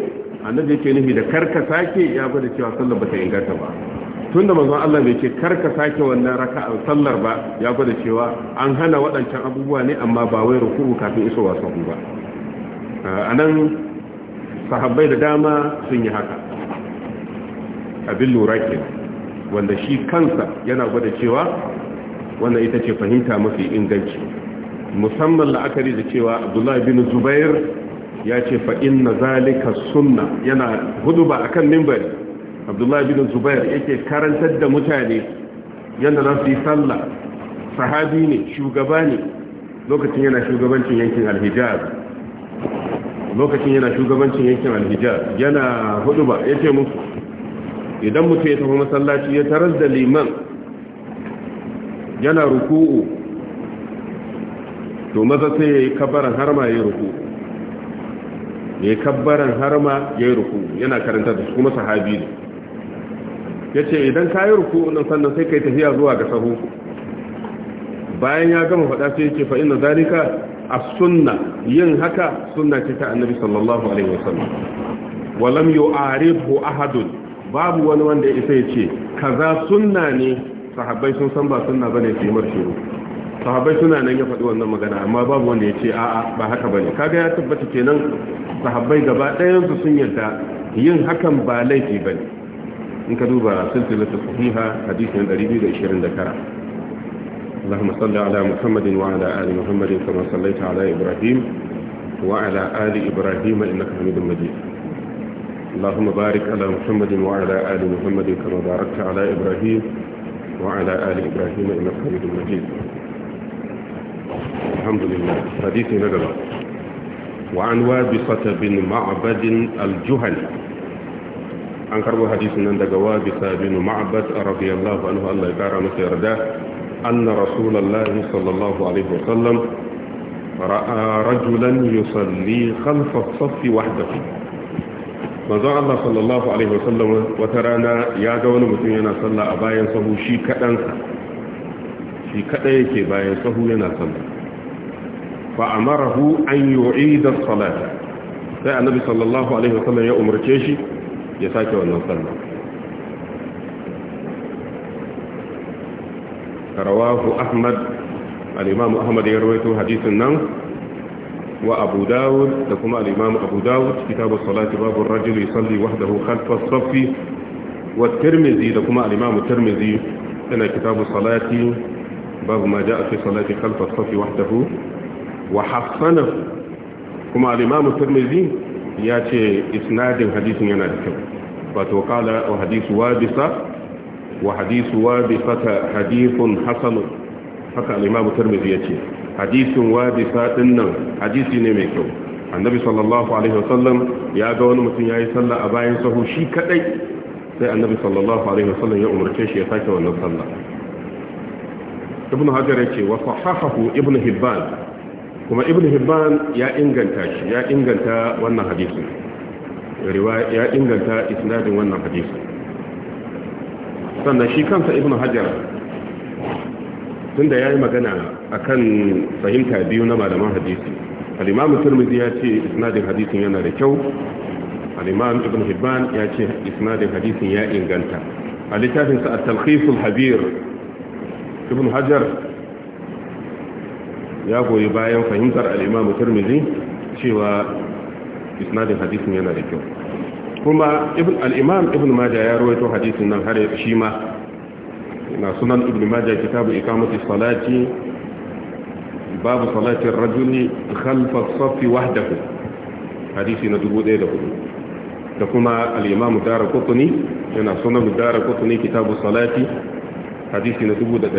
annabi yake nufi da kar ka sake ya bada cewa sallah bata inganta ba tunda manzon Allah bai ce karka sake wannan raka'an sallar ba ya gwada cewa an hana waɗancan abubuwa ne amma ba wai ruku'u kafin isowa sahu ba anan sahabbai da dama sun yi haka abin lura ke wanda shi kansa yana gwada cewa wannan ita ce fahimta mafi inganci musamman la'akari da cewa abdullahi bin zubair ya ce fa'in na zalika sunna yana hudu ba a kan abdullahi bin zubair yake karantar da mutane yadda za su yi sallah sahabi ne shugaba ne lokacin yana shugabancin yankin alhijaz lokacin yana shugabancin yankin alhijaz yana hudu ba ya ce musu idan mutum ya tafi masallaci ya tarar da liman yana ruku'u to maza sai ya yi kabaran harma ya yi ruku ya yi kabaran harma ya yi ruku yana karanta da su kuma sahabi ne ya ce idan kayi ruku nan sannan sai kai tafiya zuwa ga sahu bayan ya gama faɗa sai yake fa inna zalika as-sunna yin haka sunna ce ta annabi sallallahu alaihi wasallam wa lam yu'arifu ahadun babu wani wanda ya isa yace kaza sunna ne sahabbai sun san ba sunna bane su yi sahabbai suna nan ya faɗi wannan magana amma babu wanda ya ce a'a ba haka bane kaga ya tabbata kenan sahabbai gaba ɗayan su sun yarda yin hakan ba laifi bane in ka duba silsilar ta sahiha hadisin 229 اللهم صل على محمد وعلى آل محمد كما صليت على إبراهيم وعلى آل إبراهيم إنك حميد مجيد اللهم بارك على محمد وعلى آل محمد كما باركت على إبراهيم وعلى آل إبراهيم إنك حميد مجيد الحمد لله حديث نجمة وعن وابصة بن معبد الجهل an karbo hadisin nan daga wabi sabinu ma'abbas radiyallahu anhu Allah ya kara masa yarda anna rasulullahi sallallahu alaihi wasallam ra'a rajulan yusalli khalfa as-saff wahdahu manzo Allah sallallahu alaihi wasallam wata rana ya ga wani mutum yana salla a bayan sahu shi kadan shi kada yake bayan sahu yana salla fa amarahu an yu'ida as-salata sai annabi sallallahu alaihi wasallam ya umarce shi ya sake wannan sallah karawahu ahmad al-imam ahmad ya rawaito hadisin nan wa abu dawud da kuma al-imam abu dawud kitabu salati babu rajuli yusalli wahdahu khalf as saff wa tirmidhi da kuma al-imam tirmidhi yana kitabu salati babu ma jaa fi salati khalf as saff wahdahu wa hasanahu kuma al-imam tirmidhi ya ce isnadin hadisin yana da kyau wato kala wa hadisu wa bisa wa hadisu wa bisa ta hadithun hasanu haka al'imamu tarmizi ya ce hadisin wa bisa dinnan hadisi ne mai kyau annabi sallallahu alaihi wasallam ya ga wani mutum ya yi sallah a bayan sahu shi kadai sai annabi sallallahu alaihi wasallam ya umarce shi ya sake wannan sallah ibnu hajar ya ce wa sahahahu ibnu hibban kuma ibn hibban ya inganta shi ya inganta wannan hadisin ya inganta isnadin wannan hadisin sannan shi kansa ibn hajar tunda ya yi magana akan fahimta biyu na malaman hadisi al'imamu turmizi ya ce isnadin hadisin yana da kyau al'imam ibn hibban ya ce isnadin hadisin ya inganta a littafinsa a talkhisul habir ibn hajar ya goyi bayan fahimtar al'imamu turmizi cewa isnadin hadisin yana da kyau kuma al'imam ibn maja ya ruwaito hadisin nan har shi ma na sunan ibn maja kitabu ikamati salati babu salatin rajuli khalfa safi wahdahu hadisi na 1004 da kuma al'imamu dara kutuni yana sunan dara kutuni kitabu salati hadisi na 1348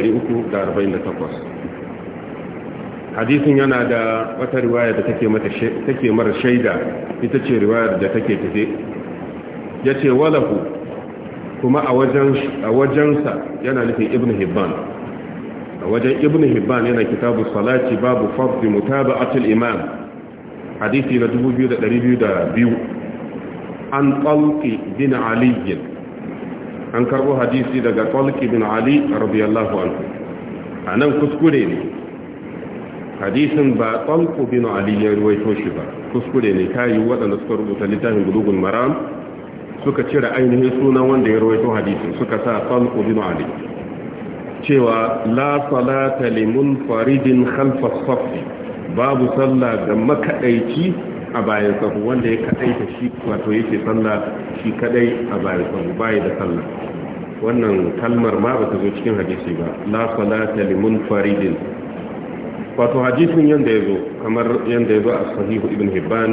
hadisin yana da wata riwaya da take mara shaida ita ce riwayar da take tafe yace walahu kuma a wajensa yana nufin ibn hibban a wajen ibn hibban yana kitabu salati babu mutaba mutaba'atul imam hadisi na 2202 an talqi bin ali an karbo hadisi daga talqi bin ali radiyallahu anhu anan kuskure ne hadisin ba tsalku bin ali ya ruwaito shi ba kuskure ne yi waɗanda suka rubuta littafin bulugun maram suka cire ainihin sunan wanda ya ruwaito hadisin suka sa tsalku bin ali cewa la salata limun faridin khalfa safi babu sallah ga makaɗaici a bayan safu wanda ya kaɗaita shi wato yake sallah shi kadai a bayan safu bai da sallah wannan kalmar ma ba ta zo cikin hadisi ba la salata limun faridin wato hadisin yanda ya zo kamar yadda ya zo a sahihu ibn hibban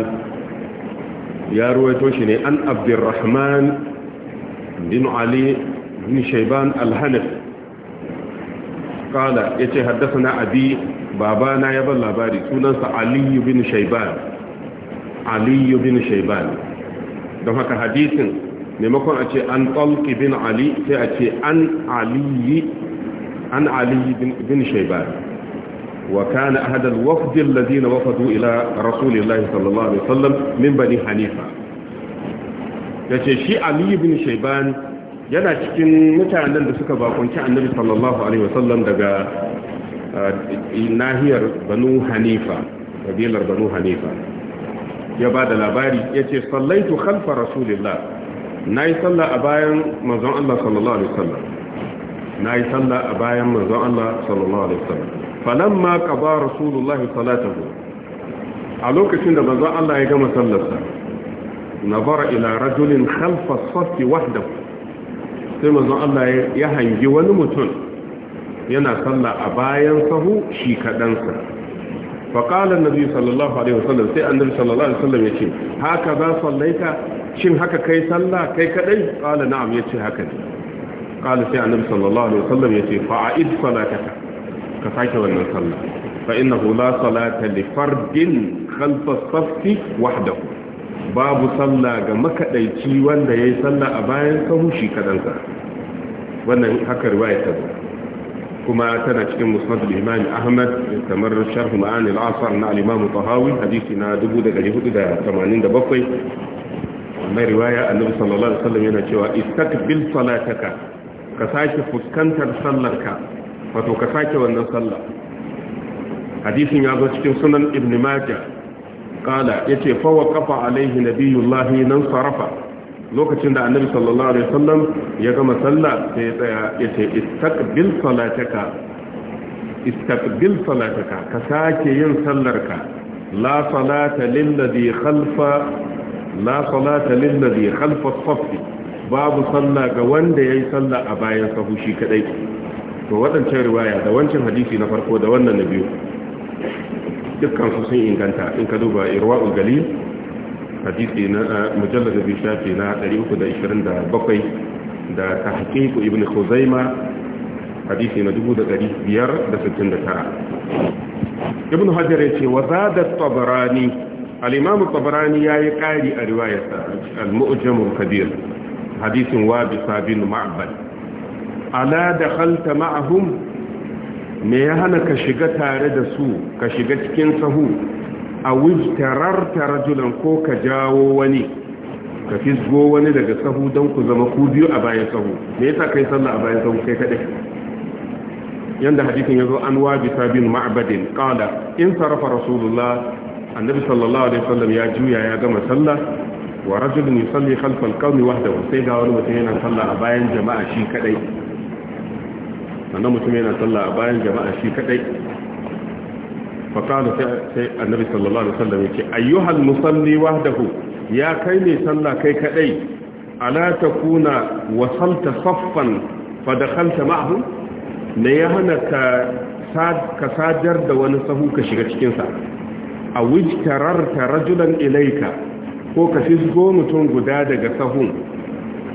ya ruwaito shi ne an abdurrahman bin ali bin shaiban alhanif kala ya ce haddasa na abi babana ya ban labari sunansa aliyu bin shaiban aliyu bin shaiban don haka hadisin maimakon a ce an tsalki bin ali sai a ce an aliyu bin shaiban وكان أحد الوفد الذين وفدوا إلى رسول الله صلى الله عليه وسلم من بني حنيفة yace shi Aliyu ibn Shaiban yana cikin mutanen da suka bakunci Annabi sallallahu alaihi wasallam daga nahiyar Banu Hanifa kabilar Banu Hanifa ya da labari yace sallaitu khalfa rasulillah nayi sallah a bayan mazan Allah sallallahu alaihi wasallam nayi a bayan Allah sallallahu alaihi wasallam falamma qada rasulullahi salatahu a lokacin da manzon Allah ya gama sallarsa nazara ila rajulin khalfa as-saff wahdahu sai manzon Allah ya hangi wani mutum yana salla a bayan sahu shi kadansa فقال النبي صلى الله عليه وسلم سي النبي صلى الله عليه وسلم يقول هكذا kai شن هكا كي صلى كي كدي قال نعم يقول هكذا قال سي النبي صلى الله عليه وسلم يقول فعيد صلاتك ka sake wannan sallah fa innahu la salata li fardin khalfa saffi wahdahu babu sallah ga makadaici wanda yayi sallah a bayan ka sahu shi ka. wannan haka riwaya ta kuma tana cikin musnad al-imam ahmad kamar sharh ma'ani al-asr na al-imam tahawi hadisi na 1487 mai riwaya annabi sallallahu alaihi wasallam yana cewa istaqbil salataka ka sake fuskantar sallarka wato ka sake wannan sallah hadisin ya zo cikin sunan ibn majah kala yace fa wa waqafa alaihi nabiyullahi nan sarafa lokacin da annabi sallallahu alaihi wasallam ya gama sallah sai ya tsaya yace istaqbil salataka istaqbil salataka ka sake yin sallarka la salata lil ladhi khalfa la salata lil ladhi khalfa as-saff babu sallah ga wanda yayi sallah a bayan sahu shi kadai to waɗancan riwaya da wancan hadisi na farko da wannan na biyu dukkan su sun inganta in ka duba irwa galil hadisi na mujallar da bi shafi na 327 da ta tahqiq ibn khuzaima hadisi na 1569 ibn hajar ce wa zada at-tabarani al-imam ya yi ƙari a riwayarsa al-mu'jam al-kabir hadisin wa bi sabin ma'bad ala da halta ma'ahum me ya hana ka shiga tare da su ka shiga cikin sahu a tara rajulan ko ka jawo wani ka fisgo wani daga sahu don ku zama ku biyu a bayan sahu me yasa kai sallah a bayan sahu kai kadai yanda hadisin zo an wabi sabin maabadin kala in sarrafa rasulullah annabi sallallahu alaihi wasallam ya juya ya gama sallah wa rajulun yusalli khalfa alqawmi wahdahu sai ga wani mutum yana sallah a bayan jama'a shi kadai wannan mutum yana sallah a bayan jama'a shi kadai faƙalu sai annabi sallallahu alaihi wasallam yake ayyuhal musalli wahdahu ya kai ne sallah kai kadai ala takuna wasalta saffan fa dakhalta ma'hum ne ya hana ka sadar da wani sahu ka shiga cikin sa a wijtararta rajulan ilaika ko ka fisgo mutum guda daga sahun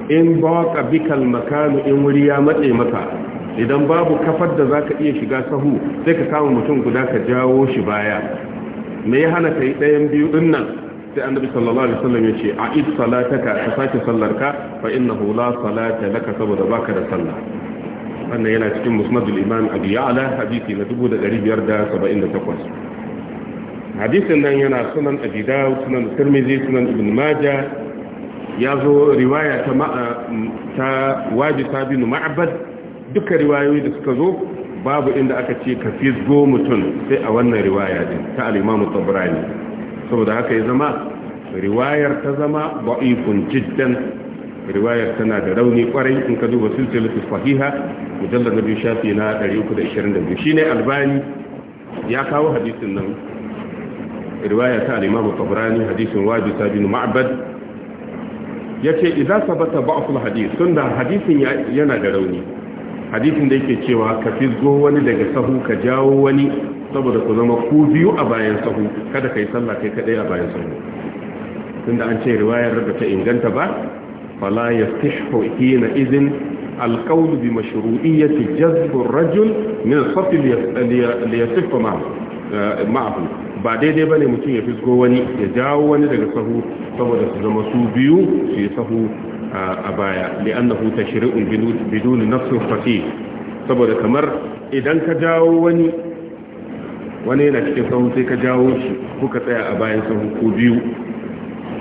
in baka bikal makanu in wuri ya matse maka idan babu kafar da za ka iya shiga sahu sai ka kama mutum guda ka jawo shi baya me ya hana ka yi ɗayan biyu ɗin nan sai annabi sallallahu alaihi wasallam ya ce a'id salataka ka sake sallarka fa innahu la salata laka saboda baka da sallah wannan yana cikin musnadul imam abi ya'la hadisi na 1578 hadisin nan yana sunan abi dawud sunan tirmidhi sunan ibn majah ya zo riwaya ta ta waji sabinu ma'bad duka riwayoyi da suka zo babu inda aka ce ka fizgo mutum sai a wannan riwaya din ta al-Imam Tabrani saboda haka ya zama riwayar ta zama ba'ifun jiddan riwayar tana da rauni kwarai in ka duba silsilatu sahiha mujallad nabi shafi na 322 shine albani ya kawo hadisin nan riwaya ta al-Imam Tabrani hadisin Wajid bin Ma'bad yace idan sabata ba'd hadis hadith tunda hadisin yana da rauni hadisin da yake cewa ka fizgo wani daga sahu ka jawo wani saboda ku zama ku biyu a bayan sahu kada kai sallah kai kadai a bayan sahu tunda an ce riwayar da ta inganta ba fala yastahu hina idhin alqawl bi mashru'iyyati jazb ar-rajul min al-saff eh, ma'ahu ba daidai bane mutum ya fizgo wani ya jawo wani daga sahu saboda su zama su biyu su yi sahu a baya li'annahu tashri'un bidun nafsin fasih saboda kamar idan ka jawo wani wani yana cikin sahu sai ka jawo shi kuka tsaya a bayan sahu ko biyu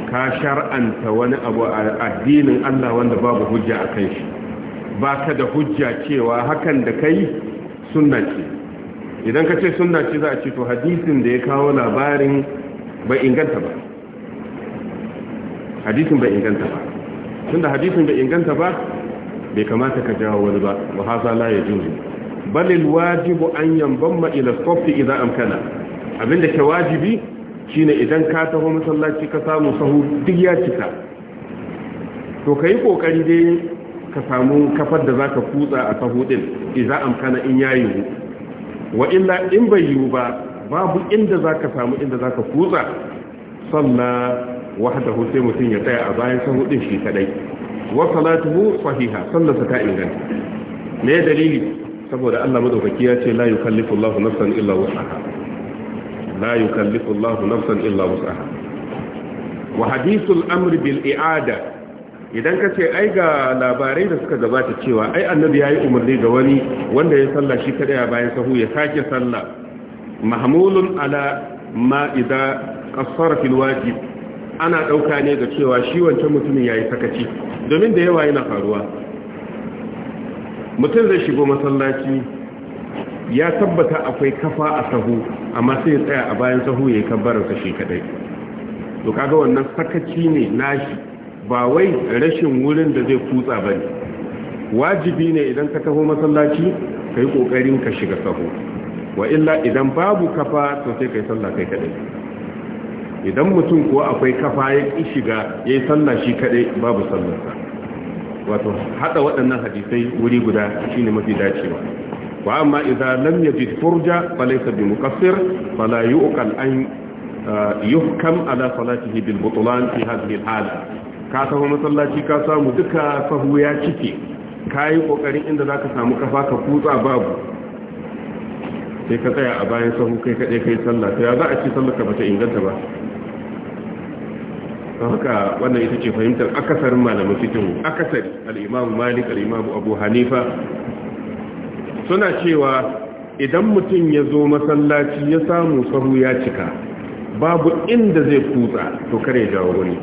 ka shar'anta wani abu a addinin Allah wanda babu hujja a kan shi ba ka da hujja cewa hakan da kai sunna ce idan ka ce sunna ce za a ce to hadisin da ya kawo labarin bai inganta ba hadisin bai inganta ba tunda hadisin bai inganta ba bai kamata ka jawo wani ba wa haza la ya bal balil wajibu an yanbamma ila safi idza amkana abinda ke wajibi shine idan ka taho masallaci ka samu sahu duk ya cika to kai kokari dai ka samu kafar da zaka kutsa a sahu din idza amkana in yayi wa illa in bai yi ba babu inda zaka samu inda zaka kutsa sannan wahdahu sai mutum ya tsaya a bayan sahu din shi kadai wa salatuhu sahiha sallarsa ta inganta me dalili saboda Allah madaukaki ya ce la yukallifu Allahu nafsan illa wus'aha la yukallifu Allahu nafsan illa wus'aha wa hadithul amr bil i'ada idan ka ce ai ga labarai da suka gabata cewa ai annabi ya yi umarni ga wani wanda ya salla shi kadai a bayan sahu ya sake salla mahmulun ala ma idza qassara fil wajib ana ɗauka ne da cewa shi wancan mutumin ya yi sakaci domin da yawa yana faruwa mutum zai shigo masallaci ya tabbata akwai kafa a sahu amma sai ya tsaya a bayan sahu ya yi kabbaransa shi kadai to kaga wannan sakaci ne nashi ba wai rashin wurin da zai kutsa ba ne wajibi ne idan ka taho masallaci ka yi ƙoƙarin ka shiga sahu wa illa idan babu kafa to sai ka yi sallah kai kadai idan mutum kuwa akwai kafa ya shiga ya yi sallah shi kaɗai, babu sallarsa wato haɗa waɗannan hadisai wuri guda shine mafi dacewa wa amma idan lam yajid furja falaysa bi muqassir fala yuqal an yuhkam ala salatihi bil butlan fi hala ka samu masallaci ka samu duka sahu ya cike kayi kokarin inda zaka samu kafa ka kutsa babu sai ka tsaya a bayan sahu kai kadai kai sallah Ta ya za a ce sallar ka bata inganta ba don haka wannan ita ce fahimtar akasarin malamin fikin akasari al'imamu malik al'imamu abu hanifa suna cewa idan mutum ya zo masallaci ya samu sahu ya cika babu inda zai kutsa to kare jawo wani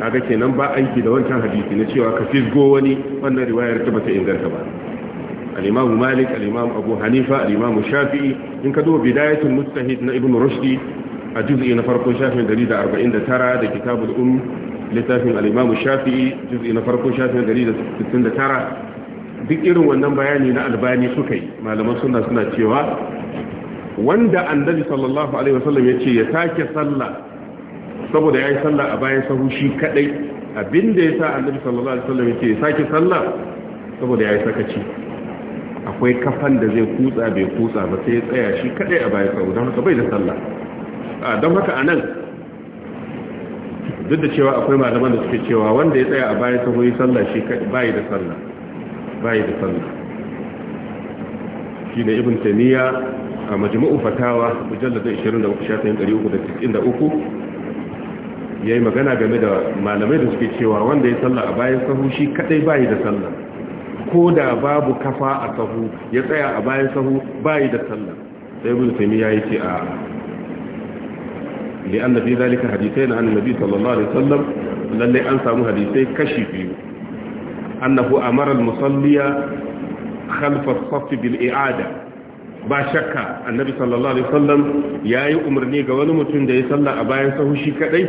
kaga kenan ba aiki da wancan hadisi na cewa ka fisgo wani wannan riwayar ta bata inganta ba Alimamu malik Alimamu abu hanifa Alimamu Shafi shafi'i in ka duba bidayatun mustahid na ibn rushdi a juz'i na farko shafin 149 da kitabul um littafin al-imam shafi'i juz'i na farko shafin 169 duk irin wannan bayani na albani suka yi malaman sunna suna cewa wanda annabi sallallahu alaihi wasallam ya ce ya sake sallah saboda yayi sallah a bayan sahu shi kadai abinda ya sa annabi sallallahu alaihi wasallam ya ce ya sake sallah saboda yayi sakaci akwai kafan da zai kutsa bai kutsa ba sai ya tsaya shi kadai a bayan sahu don haka bai da sallah don haka a nan duk da cewa akwai malaman da suke cewa wanda ya tsaya a bayan ta hoyi sallah shi bayi da sallah bayi da sallah shi ne ibn taniya a majmu'u fatawa mujalladin 23,393 ya yi magana game da malamai da suke cewa wanda ya sallah a bayan sahu shi kadai bayi da sallah ko da babu kafa a sahu ya tsaya a bayan sahu bayi da sallah sai ibn taniya ya ce a لأن في ذلك حديثين عن النبي صلى الله عليه وسلم للي أنسام حديثين كشفي أنه أمر المصلية خلف الصف بالإعادة باشكا النبي صلى الله عليه وسلم يا يؤمرني قولم تند يسلى أبايا سهوشي كأيف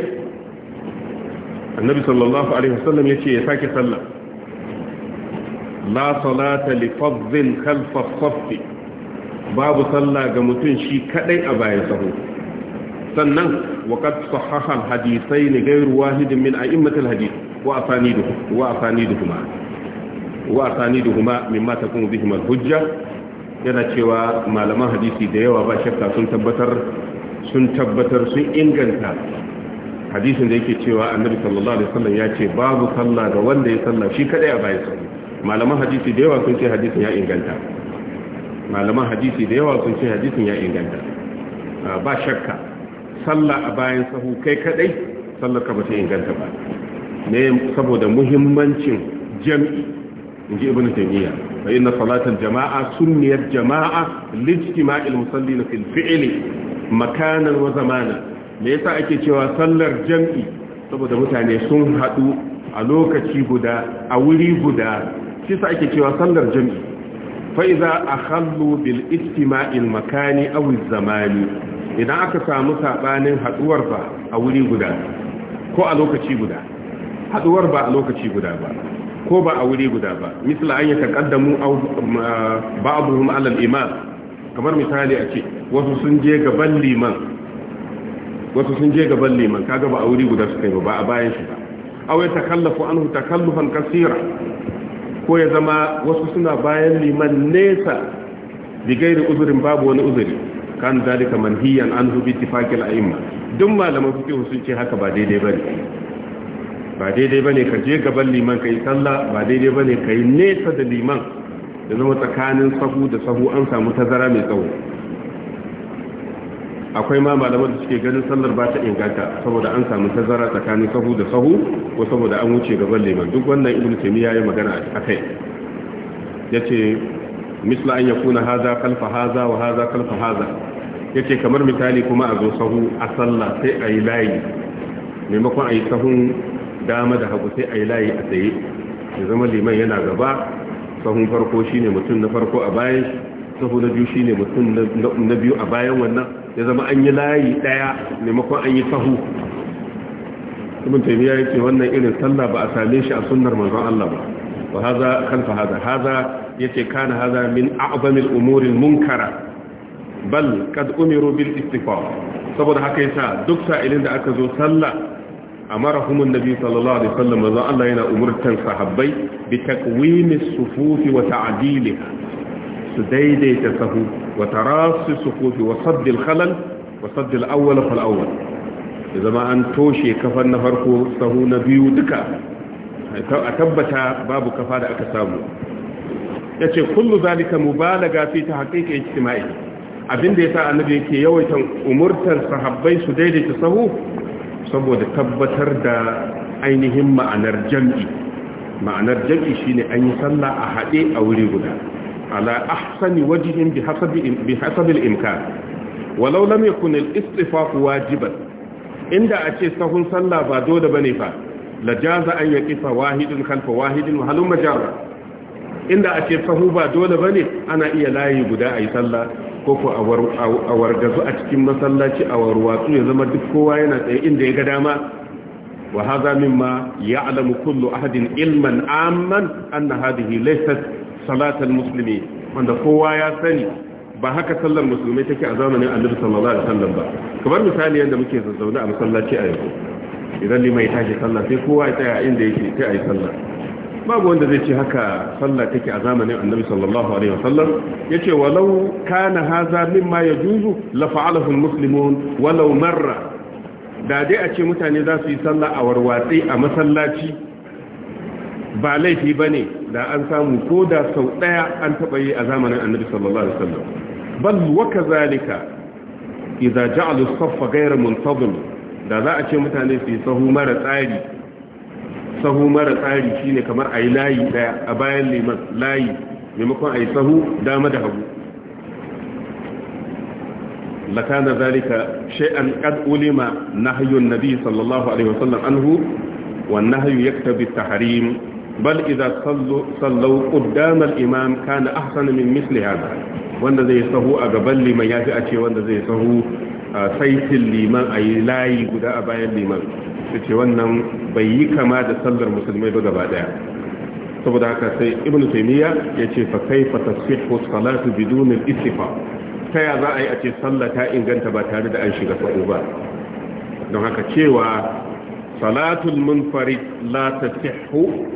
النبي صلى الله عليه وسلم يشي يساك سلى لا صلاة لفظ خلف الصف باب صلى قمتن شي كأي أبايا سهوشي sannan wa qad sahaha al-hadithain ghayru wahidin min a'immatil hadith wa asaniduhu wa asaniduhuma wa asaniduhuma mimma takunu bihim al-hujja yana cewa malaman hadisi da yawa ba shakka sun tabbatar sun tabbatar sun inganta hadisin da yake cewa annabi sallallahu alaihi wasallam ya ce babu sallah ga wanda ya sallah shi kadai a bayan sa malaman hadisi da yawa sun ce hadisin ya inganta malaman hadisi da yawa sun ce hadisin ya inganta ba shakka sallah a bayan sahu kai kadai sallar ka bata inganta ba ne saboda muhimmancin jam'i ji ibnu taymiya fa inna salatal jama'a sunniyat jama'a lijtima'il musallina fil fi'li makanan wa zamana me yasa ake cewa sallar jam'i saboda mutane sun hadu a lokaci guda a wuri guda shi yasa ake cewa sallar jam'i fa a akhallu bil ijtima'il makani aw zamani idan aka samu saɓanin haɗuwar ba a wuri guda ko a lokaci guda haɗuwar ba a lokaci guda ba ko ba a wuri guda ba misali an yi taƙaddamu ba a 'ala al-imam kamar misali a ce wasu sun je gaban liman wasu sun je gaban liman kaga ba a wuri guda suka yi ba a bayan shi ba aw yatakallafu anhu takallufan kaseera ko ya zama wasu suna bayan liman nesa bigairi uzurin babu wani uzuri kan zalika manhiyan anhu bi ittifaqil a'imma duk malaman fiqh sun ce haka ba daidai bane ba daidai bane ka je gaban liman yi sallah ba daidai bane yi nesa da liman da zama tsakanin sahu da sahu an samu tazara mai tsawo akwai ma malaman da suke ganin sallar ba ta inganta saboda an samu tazara tsakanin sahu da sahu ko saboda an wuce gaban liman duk wannan ibnu taymiya ya magana a kai yace misla an yakuna haza kalfa haza wa haza kalfa haza. yace kamar misali kuma a zo sahu a sallah sai a yi layi maimakon a yi sahun dama da hagu sai a yi layi a tsaye ya zama liman yana gaba sahun farko shi ne mutum na farko a bayan sahu na biyu shi ne mutum na biyu a bayan wannan ya zama an yi layi ɗaya maimakon an yi sahu ibn taymiya yace wannan irin sallah ba a same shi a sunnar manzon Allah ba wa hadha khalfa haza haza yace kana haza min a'zamil umuril munkara bal kad umiru bil istighfar saboda haka yasa duk sa'ilin da aka zo sallah amarahum annabi sallallahu alaihi wasallam manzo Allah yana umurtan sahabbai bi takwimi sufufi wa ta'diliha su daidaita sahu wa tarasi sufufi wa sadd al khalal wa sadd al awwal fal awwal zama an toshe kafan na farko sahu na biyu duka a tabbata babu kafa da aka samu yace kullu zalika mubalaga fi tahqiqi ijtima'i abin da ya yasa annabi yake yawaita umurtar sahabbai su daidaita sahu saboda tabbatar da ainihin ma'anar jam'i ma'anar jam'i shine an yi sallah a haɗe a wuri guda ala ahsani wajhin bi hasabi bi hasabi al-imkan walau lam yakun al-istifaq wajiban inda a ce sahun sallah ba dole bane fa la jaza an yaqifa wahidun khalfa wahidin wa halum majarra inda a ce sahu ba dole bane ana iya layi guda ayi sallah ko a wargazu a cikin masallaci a warwatsu ya zama duk kowa yana tsaye inda ya ga dama wa hadha mimma ya'lamu kullu ahadin ilman amman anna hadhihi laysat salatal muslimi wanda kowa ya sani ba haka sallar musulmai take a zamanin annabi sallallahu alaihi wasallam ba kamar misali yanda muke zazzauna a masallaci a yau idan limai tashi sallah sai kowa ya tsaya inda yake sai ayi sallah babu wanda zai ce haka sallah take a zamanin annabi sallallahu alaihi wasallam yace walau kana haza mimma yajuzu la fa'alahu almuslimun walau marra da dai a ce mutane za su yi sallah a warwatsi a masallaci ba laifi bane da an samu ko da sau daya an taba yi a zamanin annabi sallallahu alaihi wasallam bal wa kazalika idza ja'alu as-saffa ghayra muntazim da za a ce mutane su yi sahu mara tsari sahu mara tsari shine kamar ayi layi daya a bayan liman layi maimakon ayi sahu dama da hagu lakana zalika shay'an qad ulima nahyu an-nabi sallallahu alaihi wasallam anhu wan nahyu yaktabi at-tahrim bal idza sallu sallu al-imam kana ahsana min mithli hadha wanda zai sahu a gaban liman yafi a ce wanda zai sahu A saitin liman a yi layi guda a bayan liman su ce wannan bai yi kama da sallar musulmai ba gaba daya saboda haka sai ibn taymiya ya ce fa kaifa tasfihu salatu bidun al ta ya za a yi a ce sallah ta inganta ba tare da an shiga sa'u ba don haka cewa salatul munfarid la tasfihu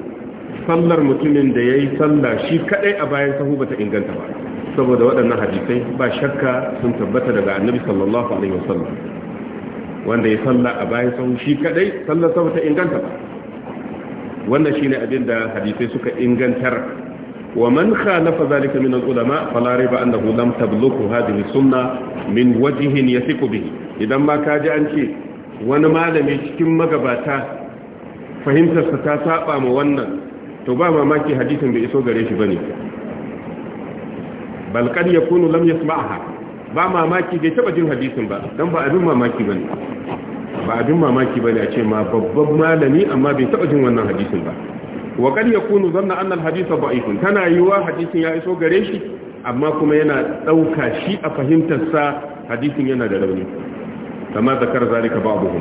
sallar mutumin da yayi sallah shi kadai a bayan sahu ba ta inganta ba saboda waɗannan hadisai ba shakka sun tabbata daga annabi sallallahu alaihi wasallam wanda ya salla a bayan sahu shi kadai sallar sa ta inganta ba wannan shine abin da hadisai suka ingantar wa man khalafa zalika min al-ulama fala riba annahu lam tablughu hadhihi sunna min wajhin yathiqu bihi idan ma kaji an ce wani malami cikin magabata fahimtarsa ta saba ma wannan to ba mamaki hadisin bai iso gare shi bane bal kad yakunu lam yasma'ha ba mamaki bai taba jin hadisin ba dan ba abin mamaki bane ba abin mamaki bane a ce ma babban malami amma bai taba jin wannan hadisin ba wa kad yakunu zanna anna al da'if tana yiwa hadisin ya iso gare shi amma kuma yana dauka shi a fahimtar sa hadisin yana da rauni kama zakar zalika ba'dhum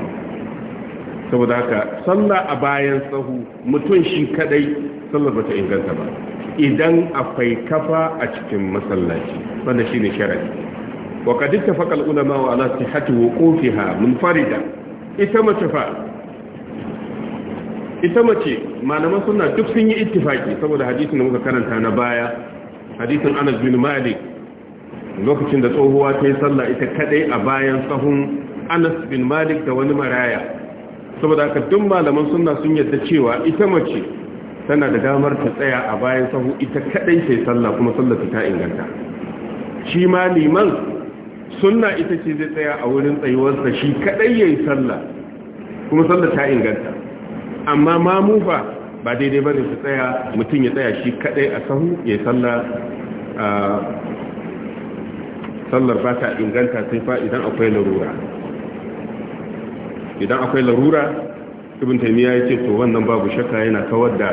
saboda haka sallah a bayan sahu mutun shi kadai sallar bata inganta ba idan akwai kafa a cikin masallaci wanda shine sharadi wa kad ittafaqa ulama wa ala sihhati wuqufiha munfarida ita mace fa ita mace malaman sunna duk sun yi ittifaki saboda hadisin da muka karanta na baya hadisin Anas bin Malik lokacin da tsohuwa ta yi sallah ita kadai a bayan sahun Anas bin Malik da wani maraya saboda haka duk malaman sunna sun yarda cewa ita mace tana da damar ta tsaya a bayan sahu ita kadai ce sallah kuma sallar ta inganta shi ma liman sunna ita ce zai tsaya a wurin sa shi kadai yayin sallah kuma sallar ta inganta amma mamu fa ba daidai bane su tsaya mutum ya tsaya shi kadai a sahu yayin sallah sallar ba ta inganta sai fa idan akwai larura idan akwai larura ibn taymiya yace to wannan babu shakka yana kawar da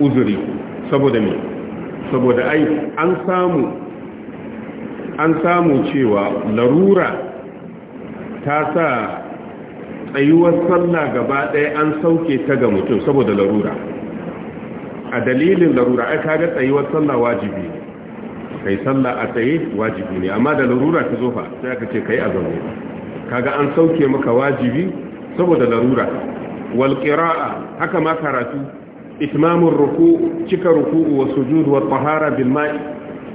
uzuri saboda me saboda ai an samu an samu cewa larura ta sa tsayuwar sallah gaba ɗaya an sauke ta ga mutum saboda larura a dalilin larura ai kaga tsayuwar sallah wajibi kai sallah a tsaye wajibi ne amma da larura ta zo fa sai aka ce kai a zaune kaga an sauke maka wajibi saboda larura walƙira'a haka ma karatu itmamur ruku cika ruku'u wa sujud wa tahara bil ma'i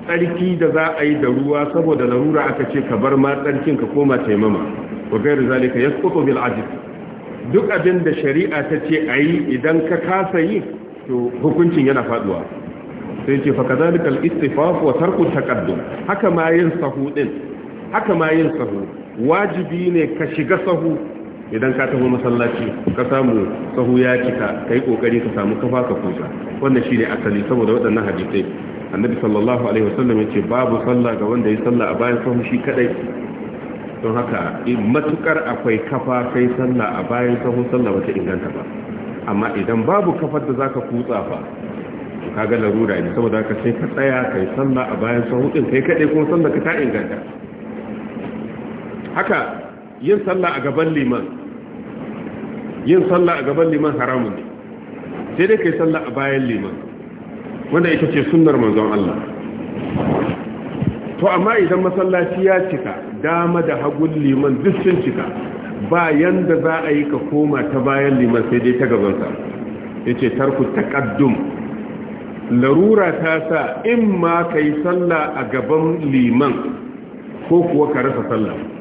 tsarki da za a yi da ruwa saboda larura aka ce ka bar ma tsarkin ka koma taimama wa gairu zalika yasqutu bil duk abin da shari'a ta ce ayi idan ka kasa yi to hukuncin yana faduwa sai ce fa kadhalika al istifaf wa tarku taqaddum haka ma yin sahu din haka ma yin sahu wajibi ne ka shiga sahu idan ka tafi masallaci ka samu sahu ya cika yi kokari ka samu kafa ka kusa wannan shi ne asali saboda waɗannan hadisai annabi sallallahu alaihi wasallam ce babu sallah ga wanda ya sallah a bayan sahu shi kadai don haka matukar akwai kafa kai sallah a bayan sahu sallah bata inganta ba amma idan babu kafar da zaka kutsa fa ka kaga larura ne saboda ka sai ka tsaya kai sallah a bayan sahu din kai kadai kuma sallah ka ta inganta haka yin sallah a gaban liman yin sallah a gaban liman haramun ne sai dai kai sallah a bayan liman wanda ita ce sunnar manzon Allah to amma idan masallaci ya cika dama da hagun liman duk sun cika ba yanda za a yi ka koma ta bayan liman sai dai ta gabansa sa ce tarku taqaddum larura ta sa in ma ka sallah a gaban liman ko kuwa ka rasa sallah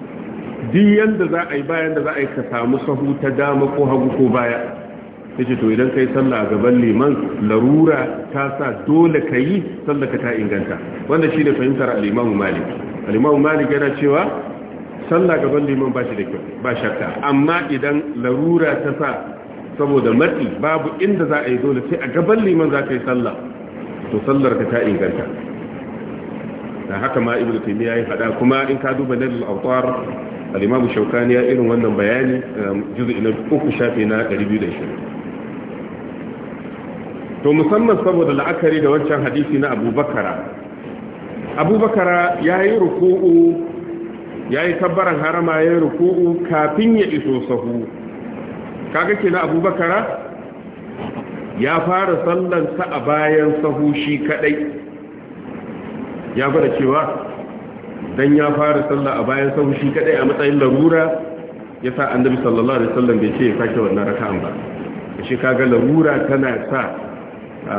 duk yadda za a yi bayan da za a yi ka samu sahu ta dama ko hagu ko baya yace to idan yi sallah a gaban liman larura ta sa dole ka yi sallah ka ta inganta wanda shi da fahimtar al-Imam Malik al Malik yana cewa sallah gaban liman ba shi da kyau ba shakka amma idan larura ta sa saboda matsi babu inda za a yi dole sai a gaban liman za ka yi sallah to sallar ka ta inganta da haka ma ibnu taymiya ya faɗa kuma in ka duba dalil al-awtar alimabu shaukani ya irin wannan bayani um, juzu na uku shafi na 220 to musamman saboda la'akari da wancan hadisi na abubakara abubakara ya yi ruku'u ya yi tabbaran harama ya yi ruku'u kafin ya iso sahu kaga ke na abubakara ya fara sallansa a bayan sahu shi kadai ya gwada cewa dan ya fara sallah a bayan sahu shi kadai a matsayin larura yasa annabi sallallahu alaihi wasallam bai ce ya kashe wannan raka'an ba shi kaga larura tana sa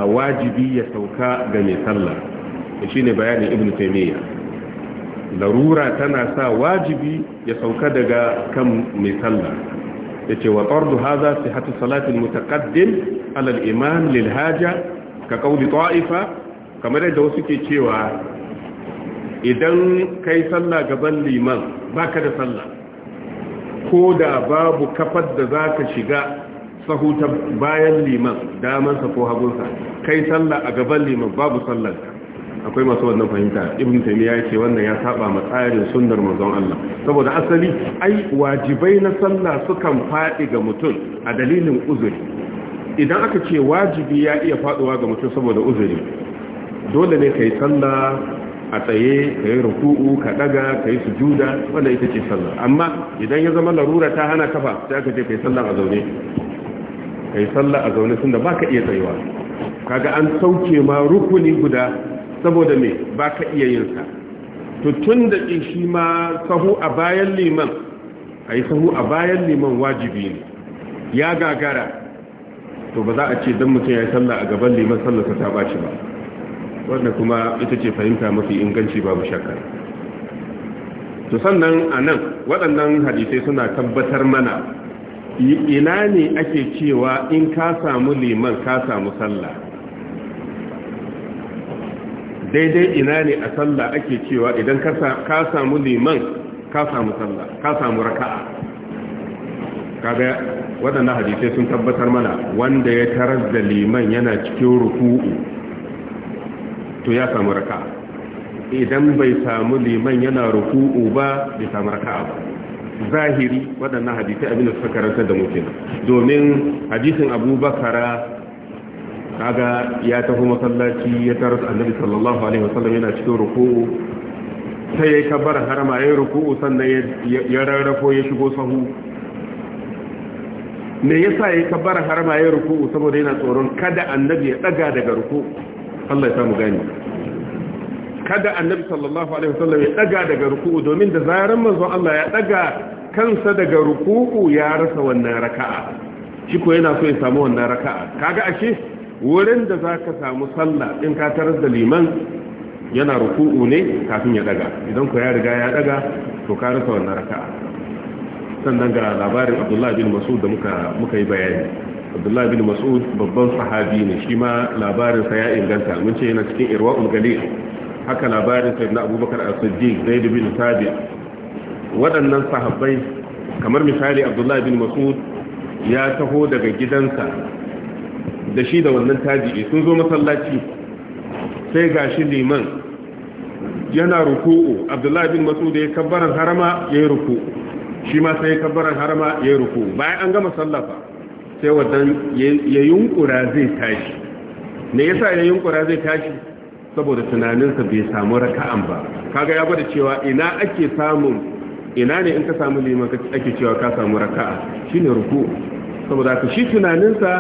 wajibi ya sauka ga mai sallah shine bayanin ibnu taymiya larura tana sa wajibi ya sauka daga kan mai sallah yace wa qardu hadha sihhatu salati almutaqaddim ala al-imam lil haja ka qawli ta'ifa kamar yadda wasu ke cewa idan kai sallah gaban liman baka da sallah ko da babu kafar da zaka shiga sahutar bayan liman damansa ko hagunsa kai sallah a gaban liman babu sallar akwai masu wannan fahimta ibn taymiya yace wannan ya saba ma tsarin sunnar manzon Allah saboda asali ai wajibai na sallah sukan fadi ga mutum a dalilin uzuri idan aka ce wajibi ya iya faduwa ga mutum saboda uzuri dole ne kai sallah a tsaye ka yi ruku'u ka daga ka yi sujuda wanda ita ce sallah amma idan ya zama larura ta hana kafa sai aka ce ka yi sallah a zaune ka yi sallah a zaune tunda ba ka iya tsayewa kaga an sauke ma rukuni guda saboda me ba ka iya yin sa to tun da shi ma sahu a bayan liman a sahu a bayan liman wajibi ne ya gagara to ba za a ce don mutum ya yi sallah a gaban liman sallar ta ba shi ba wanda kuma ita ce fahimta mafi inganci babu shakka to sannan a nan waɗannan hadisai suna tabbatar mana ina ne ake cewa in ka samu liman ka samu sallah daidai ina ne a sallah ake cewa idan ka samu liman ka samu sallah ka samu raka'a kaga waɗannan hadisai sun tabbatar mana wanda ya tarar da liman yana cikin ruku'u to ya samu raka idan bai samu liman yana ruku'u ba bai samu raka ba zahiri waɗannan hadisai da suka karanta da mutum domin hadisin abubakara kaga ya taho masallaci ya tarar annabi sallallahu alaihi wasallam yana cikin ruku'u sai ya kabbara harama ya ruku'u sannan ya rarrafo ya shigo sahu me yasa ya kabbara harama ya ruku'u saboda yana tsoron kada annabi ya daga daga ruku'u Allah ya samu gani kada annabi sallallahu alaihi wasallam ya daga daga ruku'u domin da zaran manzon Allah ya daga kansa daga ruku'u ya rasa wannan raka'a shi ko yana so ya samu wannan raka'a kaga ashe wurin da zaka samu sallah in ka tarar da liman yana ruku'u ne kafin ya daga idan ko ya riga ya daga to ka rasa wannan raka'a sannan ga labarin Abdullah bin Mas'ud da muka muka yi bayani abdullahi bin mas'ud babban sahabi ne shi ma labarinsa ya inganta mun ce yana cikin irwa'ul galil haka labarin sai na abubakar as-siddiq zaid bin thabit waɗannan sahabbai kamar misali abdullahi bin mas'ud ya taho daga gidansa da shi da wannan tabi'i sun zo masallaci sai gashi liman yana ruku'u abdullahi bin mas'ud ya kabbaran harama yayi ruku'u shi ma sai kabbaran harama yayi ruku'u bayan an gama sallafa sai wannan ya yunkura zai tashi me yasa ya yunkura zai tashi saboda tunaninsa bai samu raka'an ba kaga ya bada cewa ina ake samun ina ne in ka samu liman ake cewa ka samu raka'a shine ruku saboda ka shi tunaninsa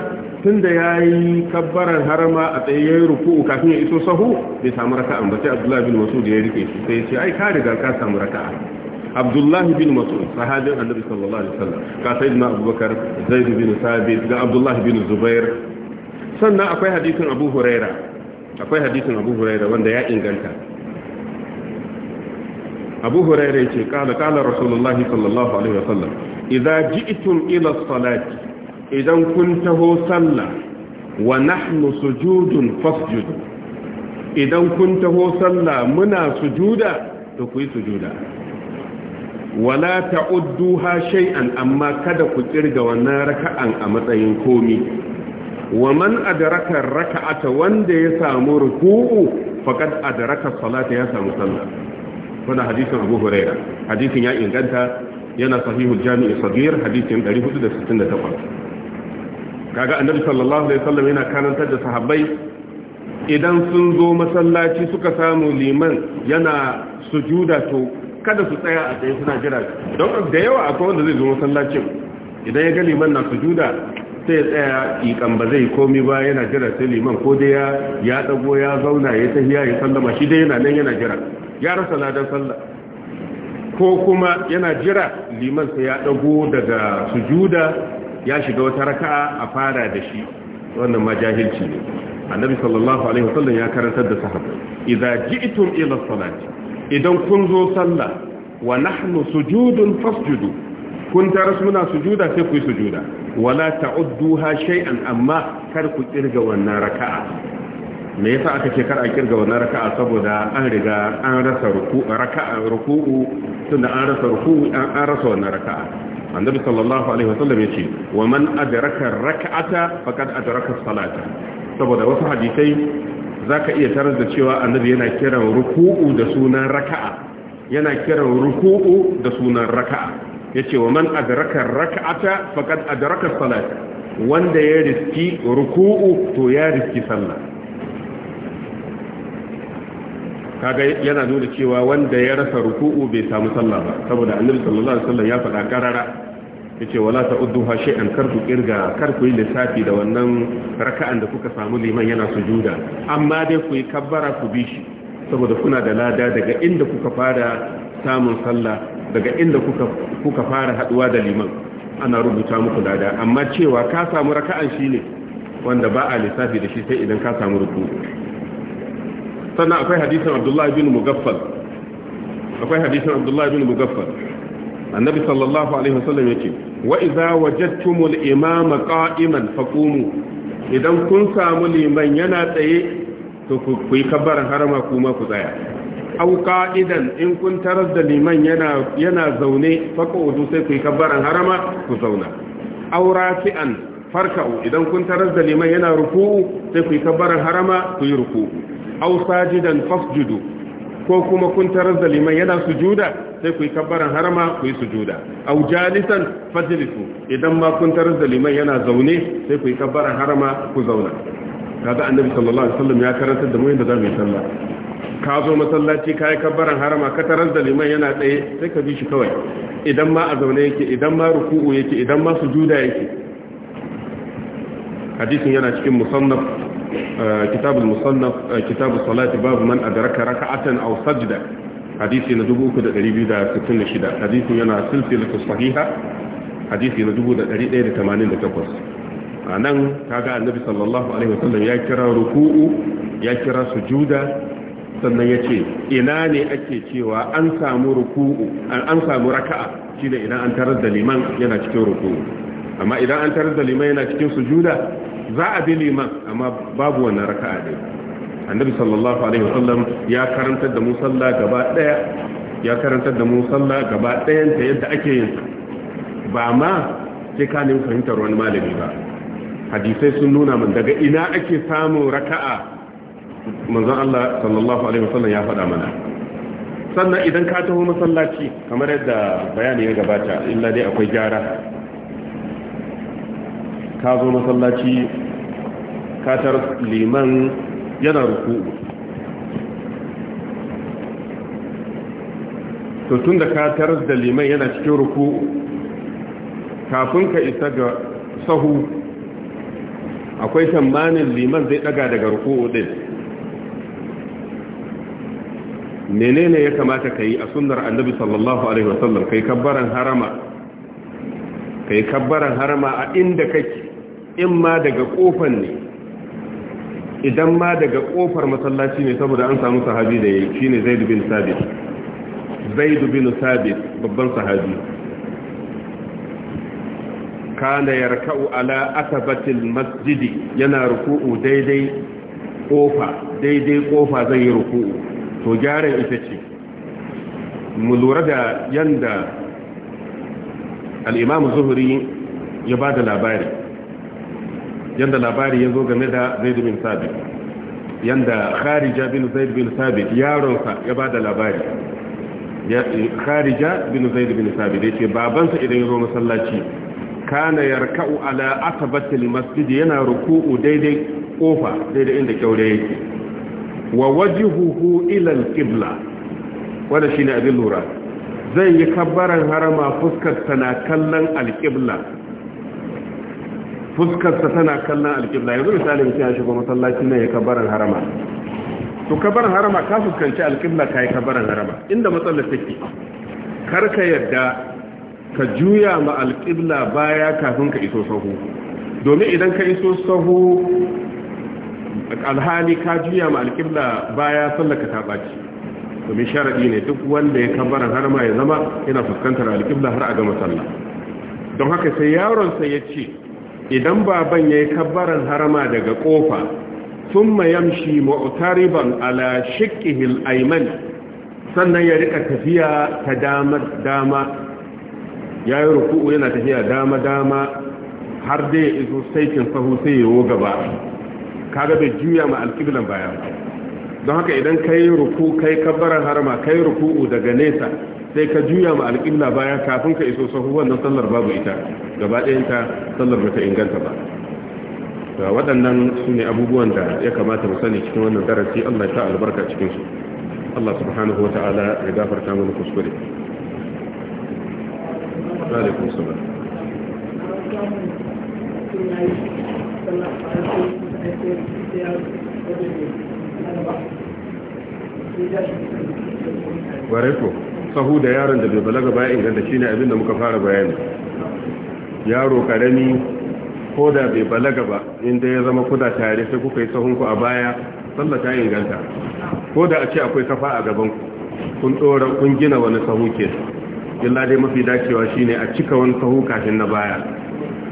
tunda yayi kabbaran harama a yi ruku kafin ya iso sahu bai samu raka'an ba sai abdullahi bin Mas'ud ya rike shi sai ya ce ai ka riga ka samu raka'a abdullahi bin mas'ud sahabin annabi sallallahu alaihi wasallam ka sayyidina abubakar zaid bin sabit ga abdullahi bin zubair sannan akwai hadisin abu huraira akwai hadisin abu huraira wanda ya inganta abu huraira yace kala kala rasulullahi sallallahu alaihi wasallam idza ji'tum ila salati idan kun taho sallah wa nahnu sujudun fasjudu idan kun taho sallah muna sujuda to ku yi sujuda wala ha shay'an amma kada ku kirga wannan raka'an a matsayin komi wa man adraka raka'ata wanda ya samu ruku'u faqad adraka salata ya samu sallah wannan hadisin Abu Huraira hadisin ya inganta yana sahihu jami'i sagir hadisin 468 kaga annabi sallallahu alaihi wasallam yana karantar da sahabbai idan sun zo masallaci suka samu liman yana sujuda to kada su tsaya a tsaye suna jira don da yawa akwai wanda zai zo masallacin idan ya ga liman na sujuda sai ya tsaya ikan ba zai komi ba yana jira sai liman ko dai ya ya dago ya zauna ya tahiya ya sallama shi dai yana nan yana jira ya rasa ladan sallah ko kuma yana jira liman sai ya dago daga sujuda ya shiga wata raka'a a fara da shi wannan ma jahilci ne annabi sallallahu alaihi wasallam ya karantar da sahabbai idza ji'tum ila salati idan kun zo sallah wa nahnu sujudun fasjudu kun taras muna sujuda sai ku yi sujuda wala ta'udduha shay'an amma kar ku kirga wannan raka'a me yasa aka ce kar a kirga wannan raka'a saboda an riga an rasa ruku'u raka'a ruku'u tunda an rasa an rasa wannan raka'a annabi sallallahu alaihi wasallam yace wa man adraka rak'ata faqad adraka salata saboda wasu hadisai Za ka iya tarar da cewa annabi yana kiran ruku'u da sunan raka'a yana kiran ruku'u da sunan raka'a yace wa man adraka raka'ata faqad adraka salata wanda ya riski ruku'u to ya riski sallah kaga yana nuna cewa wanda ya rasa ruku'u bai samu sallah ba saboda annabi sallallahu alaihi wasallam ya faɗa karara yace wala ta'udduha shay'an kar ku kirga kar ku yi lissafi da wannan raka'an da kuka samu liman yana sujuda amma dai ku yi kabbara ku bi shi saboda kuna da lada daga inda kuka fara samun sallah daga inda kuka kuka fara haduwa da liman ana rubuta muku lada amma cewa ka samu raka'an shine wanda ba a lissafi da shi sai idan ka samu ruku sannan akwai hadisin Abdullah ibn Mugaffal akwai hadisin Abdullah ibn annabi sallallahu alaihi wasallam yake wa idza wajadtumul imama qa'iman faqumu idan kun samu liman yana tsaye to ku yi kabbaran harama kuma ku tsaya aw qa'idan in kun tarar da liman yana yana zaune faqudu sai ku yi kabbaran harama ku zauna aw rafi'an farka'u idan kun tarar da liman yana ruku'u sai ku yi kabbaran harama ku yi ruku'u aw sajidan fasjudu ko kuma kun tarar da liman yana sujuda sai ku yi kabbaran harama ku yi sujuda au jalisan fajlisu idan ma kun tarar da liman yana zaune sai ku yi kabbaran harama ku zauna kaga annabi sallallahu alaihi wasallam ya karanta da mu yadda zamu yi sallah ka zo masallaci ka yi kabbaran harama ka tarar da liman yana tsaye sai ka bi shi kawai idan ma a zaune yake idan ma ruku'u yake idan ma sujuda yake hadisin yana cikin musannaf kitabul musannaf kitabus salati babu man adraka raka'atan aw sajda hadisi na 3266 hadisin yana silsilatu sahiha hadisi na 1188 anan kaga annabi sallallahu alaihi wasallam ya kira ruku'u ya kira sujuda sannan yace ina ne ake cewa an samu ruku'u an samu raka'a shine idan an tarar da liman yana cikin ruku'u amma idan an tarar da liman yana cikin sujuda za a bi liman amma babu wannan raka'a dai. annabi sallallahu alaihi wasallam ya karantar da mu sallah gaba daya ya karantar da mu sallah gaba dayan ta yadda ake yin ba ma sai ka nemi fahimtar wani malami ba hadisai sun nuna min daga ina ake samun raka'a manzon Allah sallallahu alaihi wasallam ya faɗa mana sannan idan ka taho masallaci kamar yadda bayani ya gabata illa dai akwai gyara ka zo masallaci katar liman yana ruku to tun da katar da liman yana cikin ruku kafin ka isa ga sahu akwai tambanin liman zai daga daga ruku din menene ya kamata ka yi a sunnar annabi sallallahu alaihi wasallam kai kabbaran harama kai kabbaran harama a inda kake in ma daga kofan ne idan ma daga kofar masallaci ne saboda an samu sahabi da yayi shine Zaid bin Sabit Zaid bin Sabit babban sahabi kana yarka'u ala atabatil masjidi yana ruku'u daidai kofa daidai kofa zai yi ruku'u to gyaran ita ce mu lura da yanda al-Imam ya ba da labari yanda labari ya zo game da zaid bin sabit yanda kharija bin zaid bin sabit yaronsa ya ba da labari kharija bin zaid bin sabit ya ce babansa idan ya zo masallaci kana yarka'u ala atabatil masjid yana ruku'u daidai kofa daidai inda kyaure yake wa wajhuhu ila al-qibla wanda shine abin lura zai yi kabbaran harama fuskar tana kallon al-qibla fuskarsa tana kallon alƙibla yanzu misali mutum ya shiga masallaci ne ya kabarin harama to kabarin harama ka fuskanci alƙibla ka yi kabarin harama inda matsalar take kar ka yarda ka juya ma alƙibla baya kafin ka iso sahu domin idan ka iso sahu alhali ka juya ma alƙibla baya sallaka ta ɓaci domin sharaɗi ne duk wanda ya kabaran harama ya zama yana fuskantar alƙibla har a gama sallah don haka sai yaronsa ya ce idan baban ya yi kabbaran harama daga kofa thumma yamshi ma'utariban ala shikihil aiman sannan ya rika tafiya ta dama dama yi ruku'u yana tafiya dama dama har dai iso saikin sahu sai yawo gaba kaga bai juya ma alqiblan baya don haka idan kai ruku kai kabbaran harama kai ruku'u daga nesa sai ka juya ma alƙibla baya kafin ka iso sahu wannan sallar babu ita gaba ɗayan ta sallar bata inganta ba ga waɗannan su ne abubuwan da ya kamata mu sani cikin wannan darasi Allah ya albarka cikin su Allah subhanahu wa ta'ala ya gafarta mana kuskure Thank you. ware ko sahu da yaron da bai balaga baya inganta shi ne abinda muka fara bayani yaro karami ko da bai balaga ba inda ya zama kuda tare sai kuka yi sahunku a baya sallah ta inganta ko da a ce akwai kafa a gaban kun ɗora kun gina wani sahu ke illa dai mafi dacewa shine a cika wani sahu kafin na baya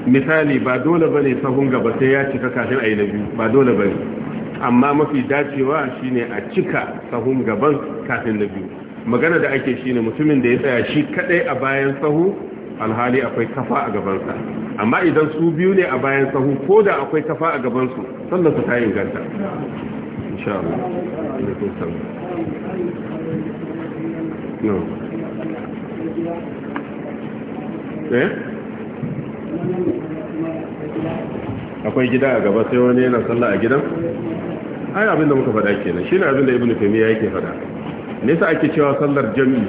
misali ba dole ba ne sahun gaba sai ya cika kafin a yi na biyu ba dole ba ne. amma mafi dacewa shine a cika sahun gaban kafin na biyu magana da ake shine mutumin da ya tsaya shi kadai a bayan sahu alhali akwai kafa a gabansa amma idan su biyu ne a bayan sahu ko da akwai kafa a gabansu sannan su ta inganta eh? akwai gida a gaba sai wani yana sallah a gidan ai abin da muka faɗa kenan shine abin da ibnu taymiya yake faɗa me yasa ake cewa sallar jami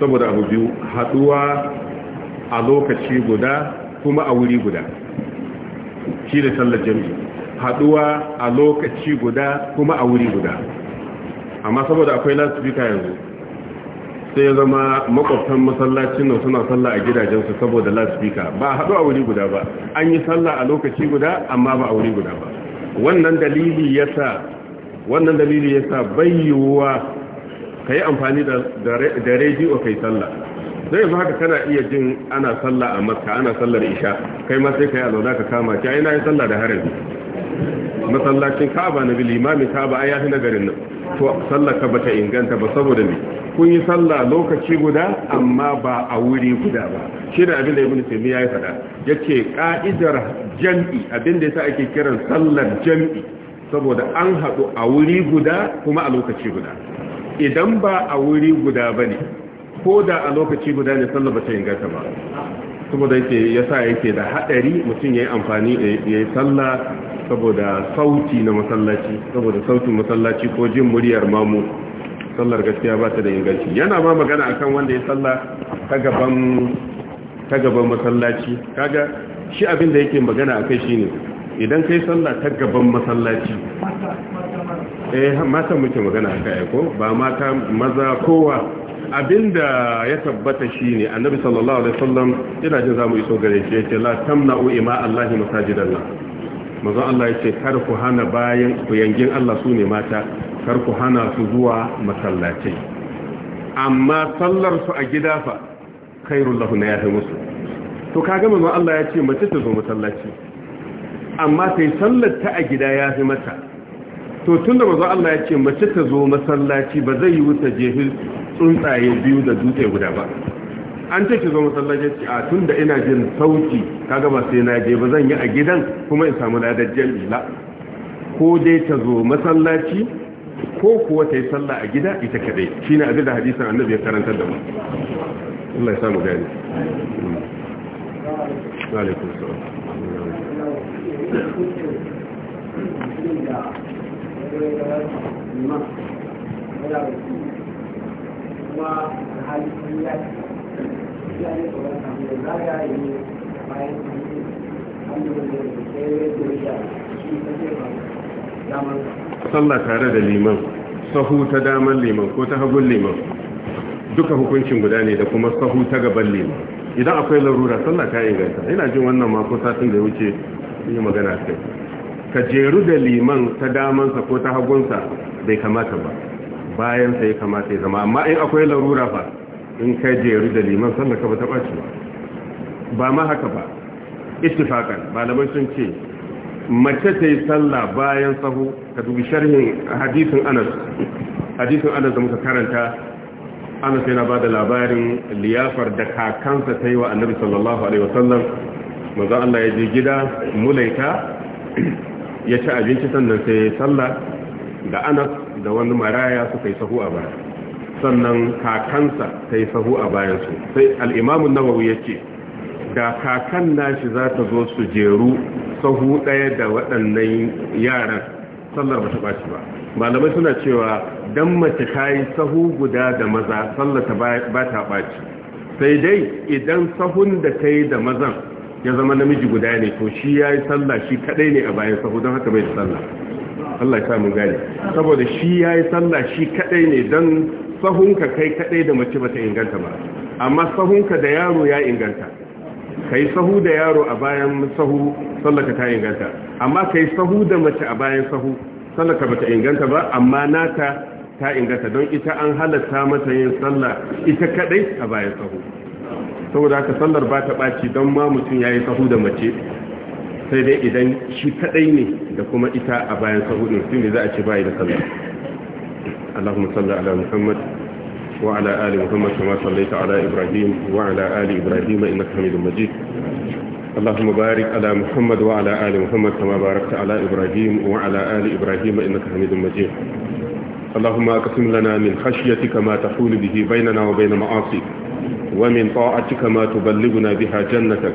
saboda abu biyu haduwa a lokaci guda kuma a wuri guda shi da sallar jami haduwa a lokaci guda kuma a wuri guda amma saboda akwai lasifika yanzu sai ya zama makwabtan masallacin nan suna sallah a gidajensu saboda lasifika ba a haɗu a wuri guda ba an yi sallah a lokaci guda amma ba a wuri guda ba wannan dalili yasa wannan dalili yasa bayyuwa yi amfani da rediyo kai sallah sai yanzu haka kana iya jin ana sallah a maska ana sallar isha kai ma sai ka yi alauna ka kama ki ai yi sallah da harin masallacin ka'aba na bil imami ka'aba ai na garin nan to ka bata inganta ba saboda me kun yi sallah lokaci guda amma ba a wuri guda ba shi da abin da ibn taymiya ya faɗa yace ka'idar jam'i abin da yasa ake kiran sallar jam'i saboda an haɗu a wuri guda kuma a lokaci guda idan ba a wuri guda bane ko da a lokaci guda ne sallar ba ta inganta ba saboda yake yasa yake da haɗari mutum yayi amfani yayi sallah saboda sauti na masallaci saboda sautin masallaci ko jin muryar mamu sallar gaskiya ba ta da inganci yana ma magana akan wanda ya salla ta gaban ta gaban masallaci kaga shi abin da yake magana akai shine idan kai salla ta gaban masallaci eh mata muke magana akai ko ba mata maza kowa abinda ya tabbata shine annabi sallallahu alaihi wasallam ina jin zamu iso gare shi yace la tamna'u ima allahi masajidallah manzon Allah yace kar ku hana bayan ku yangin Allah sune mata kar ku hana su zuwa masallace, amma sallar su a gida fa khairul lahu na yafi musu to kaga manzon Allah ya ce mace ta zo masallaci amma sai sallar a gida yafi mata to tunda manzon Allah ya ce mace ta zo masallaci ba zai yi wuta jehi tsuntsaye biyu da dutse guda ba an ce ki zo masallaci ce a tunda ina jin sauki kaga ba sai na je ba zan yi a gidan kuma in samu ladar jami'a ko dai ta zo masallaci ko kuwa ta yi sallah a gida ita kaɗai shi ne abin da hadisan annabi ya karanta da mu Allah ya samu gani Thank you. sallah tare da liman sahu ta daman liman ko ta hagun liman duka hukuncin guda ne da kuma sahu ta gaban liman idan akwai larura sallah ta inganta ina jin wannan mako satin da wuce yi magana sai. ka jeru da liman ta damansa ko ta hagunsa bai kamata ba bayan sai kamata ya zama amma in akwai larura ba in ka jeru da liman sallah ka ba ta ba ba ma haka ba ittifakan malamai sun ce mace ta yi sallah bayan sahu ka dubi sharhin hadisin anas hadisin anas da muka karanta anas yana ba da labarin liyafar da kakansa ta yi wa annabi sallallahu alaihi wasallam maza Allah ya je gida mulaita ya ci abinci sannan sai ya sallah da anas da wani maraya suka yi sahu a baya sannan kakansa ta yi sahu a bayansu sai al'imamun nawawi ya ce da kakan nashi za ta zo su jeru sahu ɗaya da waɗannan yaran sallar ba ta ɓaci ba malamai suna cewa don mace ta yi sahu guda da maza sallar ta ba ta ɓaci sai dai idan sahun da ta yi da mazan ya zama namiji guda ne to shi ya yi sallah shi kaɗai ne a bayan sahu don haka bai da sallah Allah ya samu gane saboda shi ya yi sallah shi kaɗai ne don sahunka kai kaɗai da mace ba ta inganta ba amma sahunka da yaro ya inganta kai sahu da yaro a bayan sahu sallaka ta inganta amma kai sahu da mace a bayan sahu sallaka bata inganta ba amma nata ta inganta don ita an halatta mata yin sallah ita kadai a bayan sahu saboda haka sallar ba ta ɓaci don ma mutum ya yi sahu da mace sai dai idan shi kadai ne da kuma ita a bayan sahu ɗin sun za a ce bai da sallah Allahumma salli ala Muhammad وعلى آل محمد كما صليت على إبراهيم وعلى آل إبراهيم إنك حميد مجيد اللهم بارك على محمد وعلى آل محمد كما باركت على إبراهيم وعلى آل إبراهيم إنك حميد مجيد اللهم أقسم لنا من خشيتك ما تحول به بيننا وبين معاصيك ومن طاعتك ما تبلغنا بها جنتك